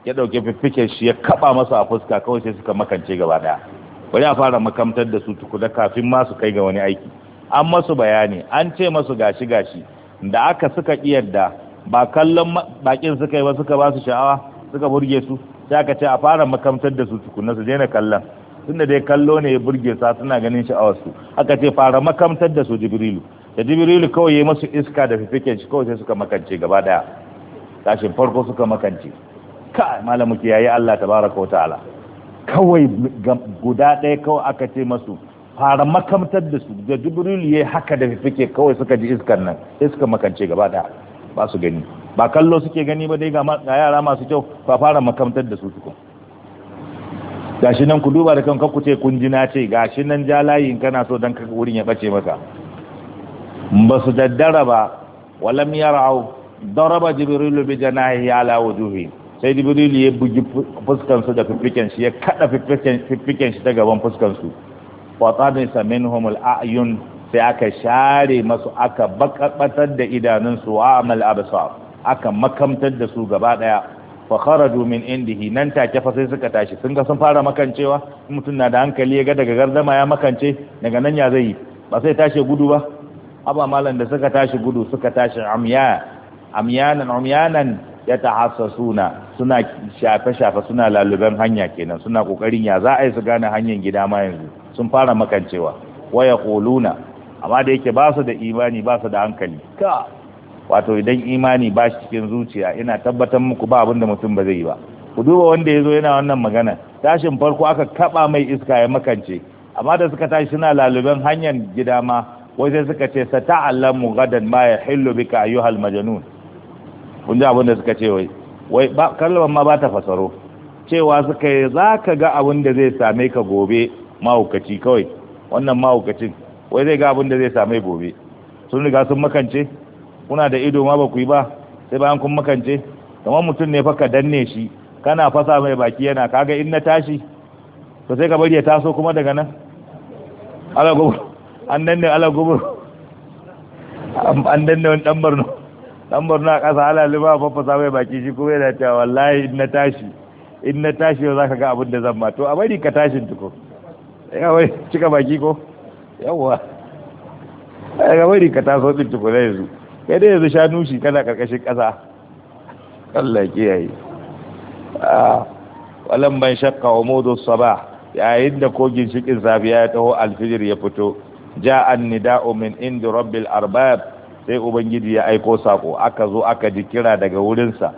ya ɗauki fiffiken shi ya kaba masa a fuska kawai sai suka makance gaba daya bari a fara makamtar da su tukuna kafin ma su kai ga wani aiki an masu bayani an ce masu gashi gashi da aka suka kiyarda ba kallon bakin suka yi ba suka ba sha'awa suka burge su sai aka ce a fara makamtar da su tukunna su daina kallon tunda dai kallo ne ya burge sa suna ganin sha'awar su aka ce fara makamtar da su jibrilu da jibrilu kawai ya masu iska da fifiken shi kawai sai suka makance gaba daya tashin farko suka makance ka malamu ki yayi Allah tabaraka wa ta'ala kawai guda ɗaya kawai aka ce masu fara makamtar da su da jibrilu yayi haka da fifike kawai suka ji iskan nan sai suka makance gaba daya ba su gani ba kallo suke gani ba dai ga yara masu kyau ba fara makamtar da su tukun gashi nan ku duba da kanka ku ce kun na ce gashi nan ja layin kana so dan ka wurin ya bace maka ba su daddara ba walam yarau daraba jibril bi janahi ala wujuhi sai jibril ya bugi fuskan su da fifiken shi ya kada fifiken fifiken shi ta gaban fuskan su fa tadisa minhum al ayun sai aka share masu aka bakabatar da idanun su wa amal absar aka makamtar da su gaba daya fa kharaju min indihi nan take fa sai suka tashi sun ga sun fara makancewa mutum na da hankali ya ga daga gardama ya makance daga nan ya zai ba sai tashi gudu ba aba malan da suka tashi gudu suka tashi amya amyanan amyanan ya tahassasuna suna shafe shafe suna laluban hanya kenan suna kokarin ya za a yi su gane hanyar gida ma yanzu sun fara makancewa waya quluna amma da yake ba su da imani ba su da hankali ka wato idan imani ba shi cikin zuciya ina tabbatar muku ba abin da mutum ba zai yi ba ku duba wanda ya zo yana wannan magana tashin farko aka kaba mai iska ya makance amma da suka tashi suna laluben hanyar gida ma wai sai suka ce sa ta'allamu gadan ma ya hillu bika ayyuhal majnun kun ji abin suka ce wai wai ba ma ba ta fasaro cewa suka yi za ka ga abin da zai same ka gobe mahaukaci kawai wannan mahaukacin wai zai ga abin da zai same gobe sun riga sun makance kuna da ido ma ba ku yi ba sai bayan kun makance kamar mutum ne fa ka danne shi kana fasa mai baki yana kaga in na tashi to sai ka bari ya taso kuma daga nan ala gubur an danne ala gubur an danne wani dambar barno dambar barno a kasa ala liba fa fasa mai baki shi kuma yana cewa wallahi in na tashi in na tashi yau ka ga abin da zan ma to a bari ka tashin tuko ya wai cika baki ko yawwa a ga bari ka taso tuko zai zuwa kai dai yanzu sha nushi kana karkashin ƙasa Allah kiyaye walan ban shakka wa umudu saba yayin da kogin shikin safiya ya taho alfijir ya fito ja an nida'u min indi rabbil arbab sai ubangiji ya aiko sako aka zo aka ji kira daga wurinsa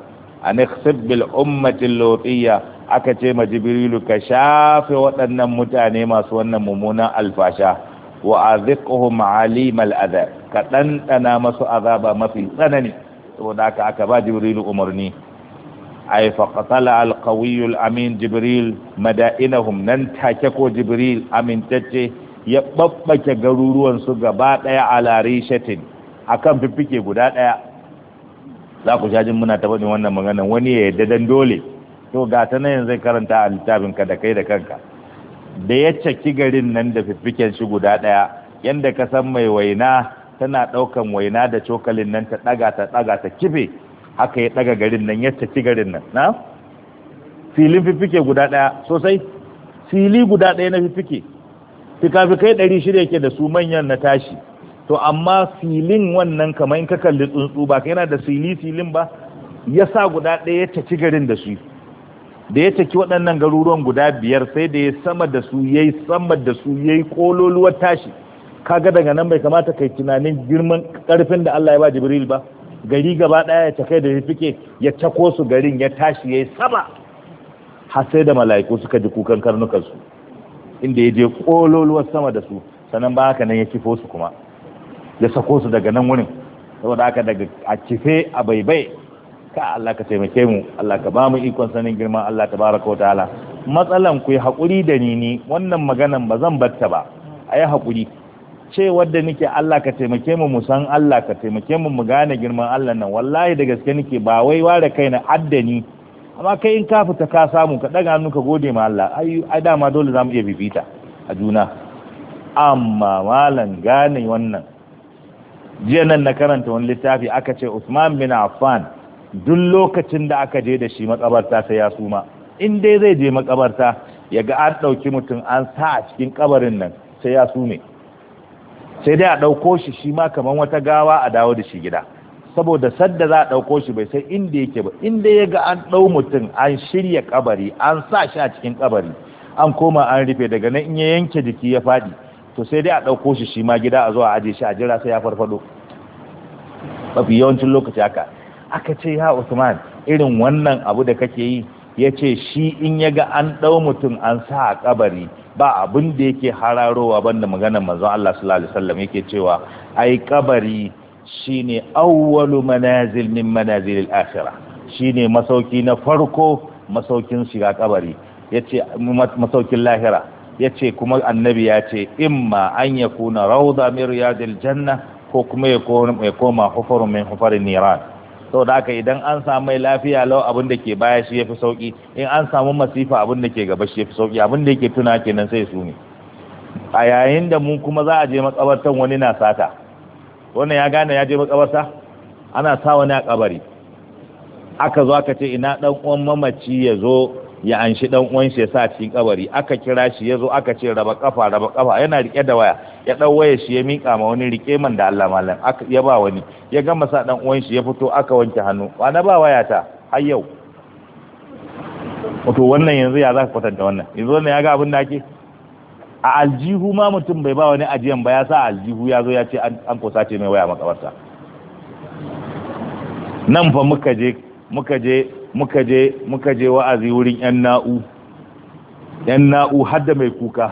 an ikhsib bil ummati lutiyya aka ce ma jibrilu ka shafe waɗannan mutane masu wannan mummunan alfasha wa azikuhum alimal adha ka dandana masu azaba mafi tsanani saboda aka aka ba jibril umarni ay qawiy al amin jibril madainahum nan take ko jibril amintacce ya babbake garuruwan su gaba daya ala rishatin akan fiffike guda daya za ku shajin muna ta wannan magana wani ya yadda dan dole to ga ta nan yanzu karanta a littafin ka da kai da kanka da ya caki garin nan da fiffiken shi guda ɗaya yadda ka san mai waina tana ɗaukan waina da cokalin nan ta ɗaga ta ɗaga ta kife haka ya ɗaga garin nan ya caki garin nan na filin fiffike guda ɗaya sosai fili guda ɗaya na fiffike fikafikai ɗari shida yake da su manyan na tashi to amma filin wannan kamar in ka kalli tsuntsu ba ka yana da fili filin ba ya sa guda ɗaya ya caki garin da su da ya caki waɗannan garuruwan guda biyar sai da ya sama da su yayi sama da su yayi kololuwar tashi kaga daga nan bai kamata kai tunanin girman karfin da Allah ya ba Jibril ba gari gaba ɗaya ya cakai da fike ya cako su garin ya tashi yayi sama har sai da mala'iku suka ji kukan karnukan su inda ya je kololuwar sama da su sannan ba haka nan ya kifo su kuma ya sako su daga nan wurin saboda haka daga a kife a baibai ka Allah ka taimake mu Allah ka bamu ikon sanin girman Allah tabaraka wa ta'ala matsalan ku yi hakuri da ni ni wannan maganan ba zan batta ba a hakuri ce wadda nake Allah ka taimake mu mu san Allah ka taimake mu mu gane girman Allah nan wallahi da gaske nake ba wai ware kai addani amma kai in ka fita ka samu ka daga hannu ka gode ma Allah ai ai dama dole zamu iya bibita a juna amma malan gane wannan jiya nan na karanta wani littafi aka ce Usman bin Affan duk lokacin da aka je da shi makabarta sai ya suma in dai zai je makabarta ya ga an ɗauki mutum an sa a cikin kabarin nan sai ya sume sai dai a ɗauko shi shi ma kamar wata gawa a dawo da shi gida saboda sadda za a ɗauko shi bai sai inda yake ba inda ya ga an ɗau mutum an shirya kabari an sa shi a cikin kabari an koma an rufe daga nan in ya yanke jiki ya faɗi to sai dai a ɗauko shi shi ma gida a zo a aje shi a jira sai ya farfado mafi yawancin lokaci haka aka ce ya usman irin wannan abu da kake yi ya ce shi in ya ga an ɗau mutum an sa a kabari ba abin da yake hararowa ban da magana manzon Allah sallallahu alaihi wasallam yake cewa ai kabari shine awwalu manazil min manazil al Shi shine masauki na farko masaukin shiga kabari yace masaukin lahira yace kuma annabi ya ce imma an yakuna rawda min riyadil janna ko kuma ya koma hufarun min hufarin niran da haka idan an samu mai lafiya lau abin da ke baya shi ya fi sauki in an samu masifa abin da ke gaba shi ya fi sauki abin da ke tuna kenan sai su ne a yayin da mu kuma za a je makabartan wani na sata wannan ya gane ya je makabarta ana sa wani a kabari aka zo aka ce ina dan uwan mamaci ya zo ya anshi dan uwan shi ya sa cikin kabari aka kira shi yazo aka ce raba kafa raba kafa yana rike da waya ya dau waya shi ya mika ma wani rike man da Allah malam aka ya ba wani ya gama sa dan uwan shi ya fito aka wanke hannu na ba waya ta har yau wato wannan yanzu ya zaka kwatanta wannan yanzu wannan ya ga abin da ake a aljihu ma mutum bai ba wani ajiyan ba ya sa aljihu ya zo ya ce an kusa ce mai waya makabarta nan fa muka je muka je muka je muka je wa'azi wurin yan na'u yan na'u har da mai kuka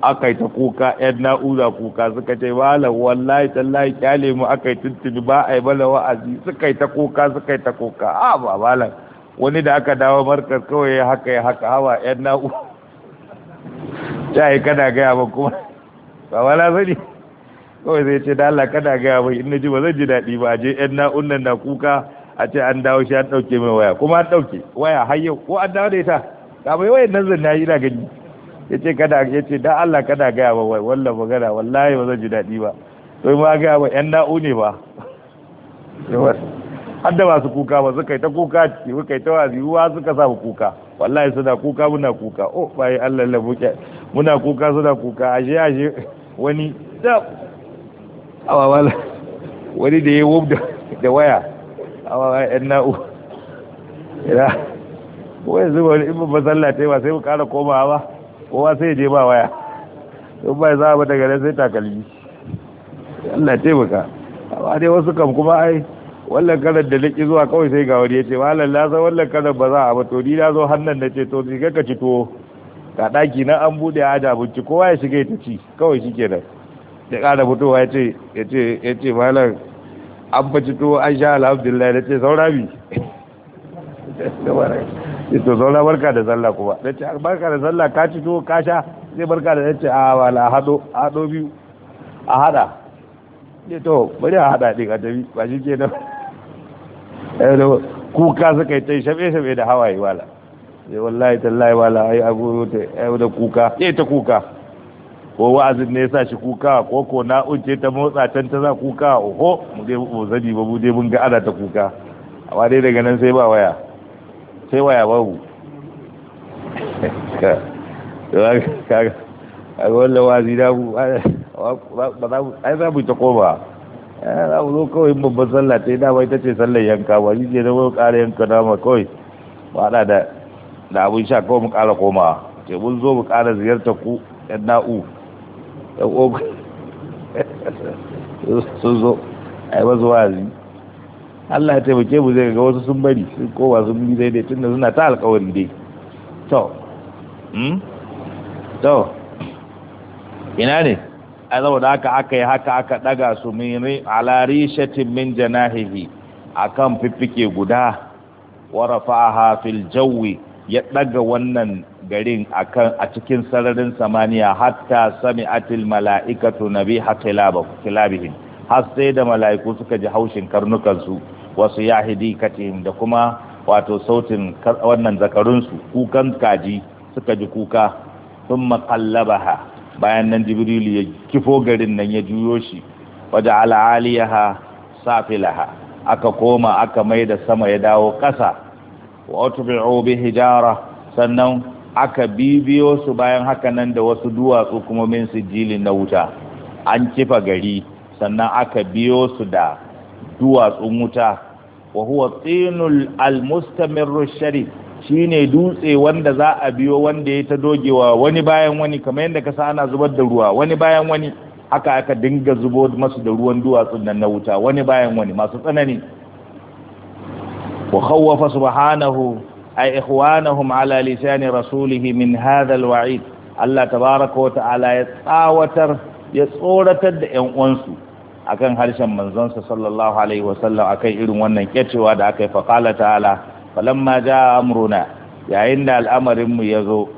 aka yi ta kuka yan na'u za kuka suka ce wala wallahi tallahi kyale mu aka yi tuntubi ba ai bala wa'azi suka yi ta kuka suka yi ta kuka a ah, ba bala wani da aka dawo markas kawai ya haka ya haka hawa yan na'u ta yi kana gaya ba kuma ba wala sani kawai zai ce da Allah kada gaya ba in na ji ba zan ji daɗi ba je yan na'un nan na kuka a ce an dawo shi an ɗauke mai waya kuma an ɗauke waya har yau ko an dawo da ita ka bai wayar nan zan yi ina gani ya ce kada ya ce da Allah kada gaya ba wai wallah magana wallahi ba zan ji daɗi ba to ma gaya ba yan na'u ne ba har da masu kuka ba suka yi ta kuka suka yi ta wazi ruwa suka sa mu kuka wallahi suna kuka muna kuka oh bai Allah la buke muna kuka suna kuka ashe ashe wani da awawala wani da ya wub da waya awa yan na'u ina wai zuba in ba sallah ta ba sai mu kara komawa ba kowa sai je ba waya in ba za ba daga nan sai takalmi Allah taimaka amma dai wasu kam kuma ai Wannan karan da liki zuwa kawai sai ga wani ya ce malam na san wannan karan ba za a ba to ni na zo hannan na ce to ni ka ci tuwo ga daki na an bude a da kowa ya shiga ta ci kawai shikenan da ƙara fitowa ya ce ya ce ya ce malam an faci tuwo an sha alhamdulillah na ce saura bi ito saura barka da sallah kuma na ce ah, barka da sallah ka ci to ka sha sai barka da yace ah, a wala hado hado biyu a hada ne to bari a hada din a tafi ba shi ke nan eh, kuka suka yi ta shafe shafe da hawaye wala ya wallahi tallahi wala ai abu da kuka sai ta kuka ko wa'azin ne yasa shi kuka ko ko na'uce ta motsa can ta za kuka oho mu dai mu zabi ba mu dai mun ga ana ta kuka amma dai daga nan sai ba waya sai waya babu kaga wannan wazi da mu ba za mu ai za mu ta koma za mu zo kawai babban sallah ta yi dama ita ce sallar yanka ba shi ke na wani ƙara yanka ma kawai ba da da abin sha kawai mu ƙara koma ce mun zo mu ƙara ziyarta ku yan na'u yan ogun sun zo a yi wasu wazi Allah ya taimake mu zai ga wasu sun bari sun kowa sun bi daidai tun da suna ta alkawari dai to hmm? to ina ne a saboda haka aka yi haka aka daga su min ala shatin min janahihi kan fiffike guda wa a hafil jawi ya daga wannan garin akan a cikin sararin samaniya hatta sami atil mala'ikatu nabi kilabihim har sai da mala'iku suka ji haushin karnukansu wasu hidi katihim da kuma wato sautin wannan zakarunsu kukan kaji suka ji kuka sun ha bayan nan jibrilu ya kifo garin nan ya juyo shi waje safila ha aka koma aka mai da sama ya dawo ƙasa wa otubi'u bi hijara sannan aka bibiyo su bayan haka nan da wasu duwatsu kuma min sijilin na wuta an kifa gari sannan aka biyo su da duwatsun wuta wa huwa tsinul almustamirru sharif shine dutse wanda za a biyo wanda ya ta dogewa wani bayan wani kamar yadda ka ana zubar da ruwa wani bayan wani haka aka dinga zubo masu da ruwan duwatsun nan na wuta wani bayan wani masu tsanani wa khawwafa subhanahu a ikhwanahum ala lisani rasulih min hadha alwa'id Allah tabaaraka wa ta'ala ya tsawatar ya tsoratar da ƴan uwansu akan harshen manzonsa sallallahu alaihi wasallam akan irin wannan kyacewa da aka yi fa qala ta'ala falamma jaa amruna yayin da al'amarin mu yazo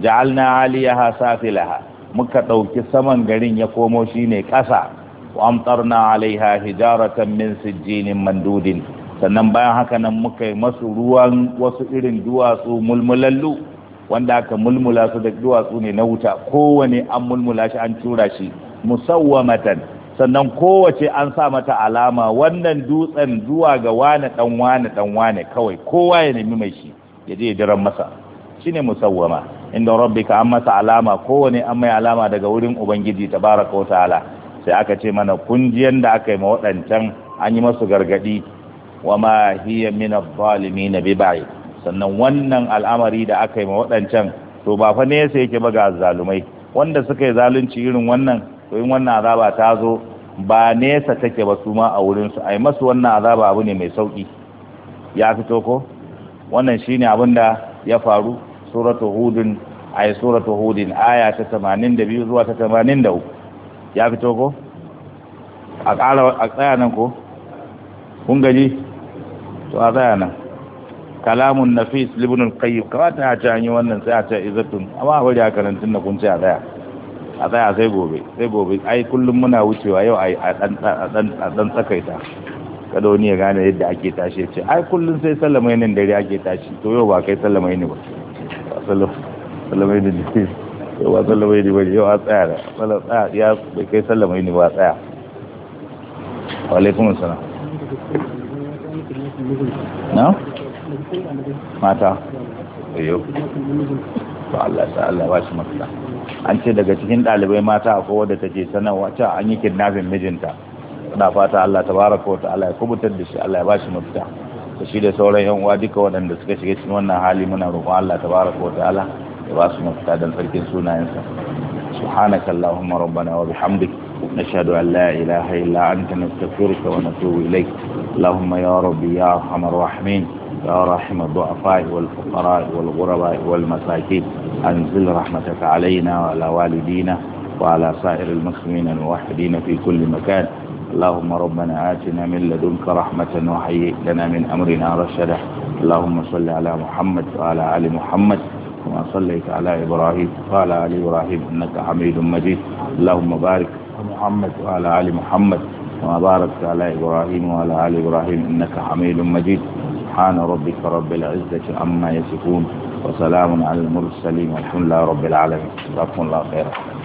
ja'alna 'aliyaha safilaha muka ɗauki saman garin ya komo shine ƙasa wa amtarna alaiha hijaratan min sijjinin mandudin sannan bayan haka nan muka yi masu ruwan wasu irin duwatsu mulmulallu wanda aka mulmula su da duwatsu ne na wuta kowane an mulmula shi an tura shi musawwamatan sannan kowace an sa mata alama wannan dutsen zuwa ga wane dan wane dan wane kawai kowa ya nemi mai shi ya je diran masa shine musawwama inda rabbika an masa alama kowane an mai alama daga wurin ubangiji tabaraka wa ta'ala sai aka ce mana kunjiyan da aka yi ma waɗancan an yi masu gargadi wa ma hiya min adh-dhalimin bi ba'id sannan wannan al'amari da aka yi ma waɗancan to ba fa ne sai yake baga zalumai wanda suka yi zalunci irin wannan to in wannan azaba ta zo ba nesa take ba su ma a wurin su ai masu wannan azaba abu ne mai sauki ya fito ko wannan shine abin da ya faru suratul hudun ay suratul hudin aya ta 82 zuwa ta 83 ya fito ko a ƙara a tsaya nan ko kun gaji to a zaya nan kalamun nafis libnul qayyim kawata a ce an wannan sai a ce izatun amma a bari a karantun na kun ce a tsaya a tsaya sai gobe sai gobe ai kullum muna wucewa yau a dan tsakaita kada wani ya gane yadda ake tashi ya ce ai kullum sai salama yanin dare ake tashi to yau ba kai salama yini ba yau ba sallama yini ba yau a tsaya da tsaya ya bai kai sallama yini ba a tsaya wa alaikun sana. na mata yau to Allah ta Allah ba shi mafita an ce daga cikin ɗalibai mata a kowa da take sanarwa ta an yi kidnapping mijinta na fata Allah ta wa ta'ala ya kubutar da shi Allah ya ba shi mafita da shi da sauran yan uwa duka waɗanda suka shiga cikin wannan hali muna roƙon Allah ta baraka wa ta'ala ya ba su mafita don tsarkin sunayensa سبحانك اللهم ربنا وبحمدك نشهد أن لا إله إلا أنت نستغفرك ونتوب إليك اللهم يا ربي يا أرحم الراحمين يا رحم الضعفاء والفقراء والغرباء والمساكين أنزل رحمتك علينا وعلى والدينا وعلى سائر المسلمين الموحدين في كل مكان اللهم ربنا آتنا من لدنك رحمة وهيئ لنا من أمرنا رشدا اللهم صل على محمد وعلى آل محمد كما صليت على إبراهيم وعلى آل إبراهيم إنك حميد مجيد اللهم بارك محمد وعلى آل محمد كما باركت على إبراهيم وعلى آل إبراهيم إنك حميد مجيد سبحان ربك رب العزة عما يصفون وسلام على المرسلين والحمد لله رب العالمين جزاكم الله خيرا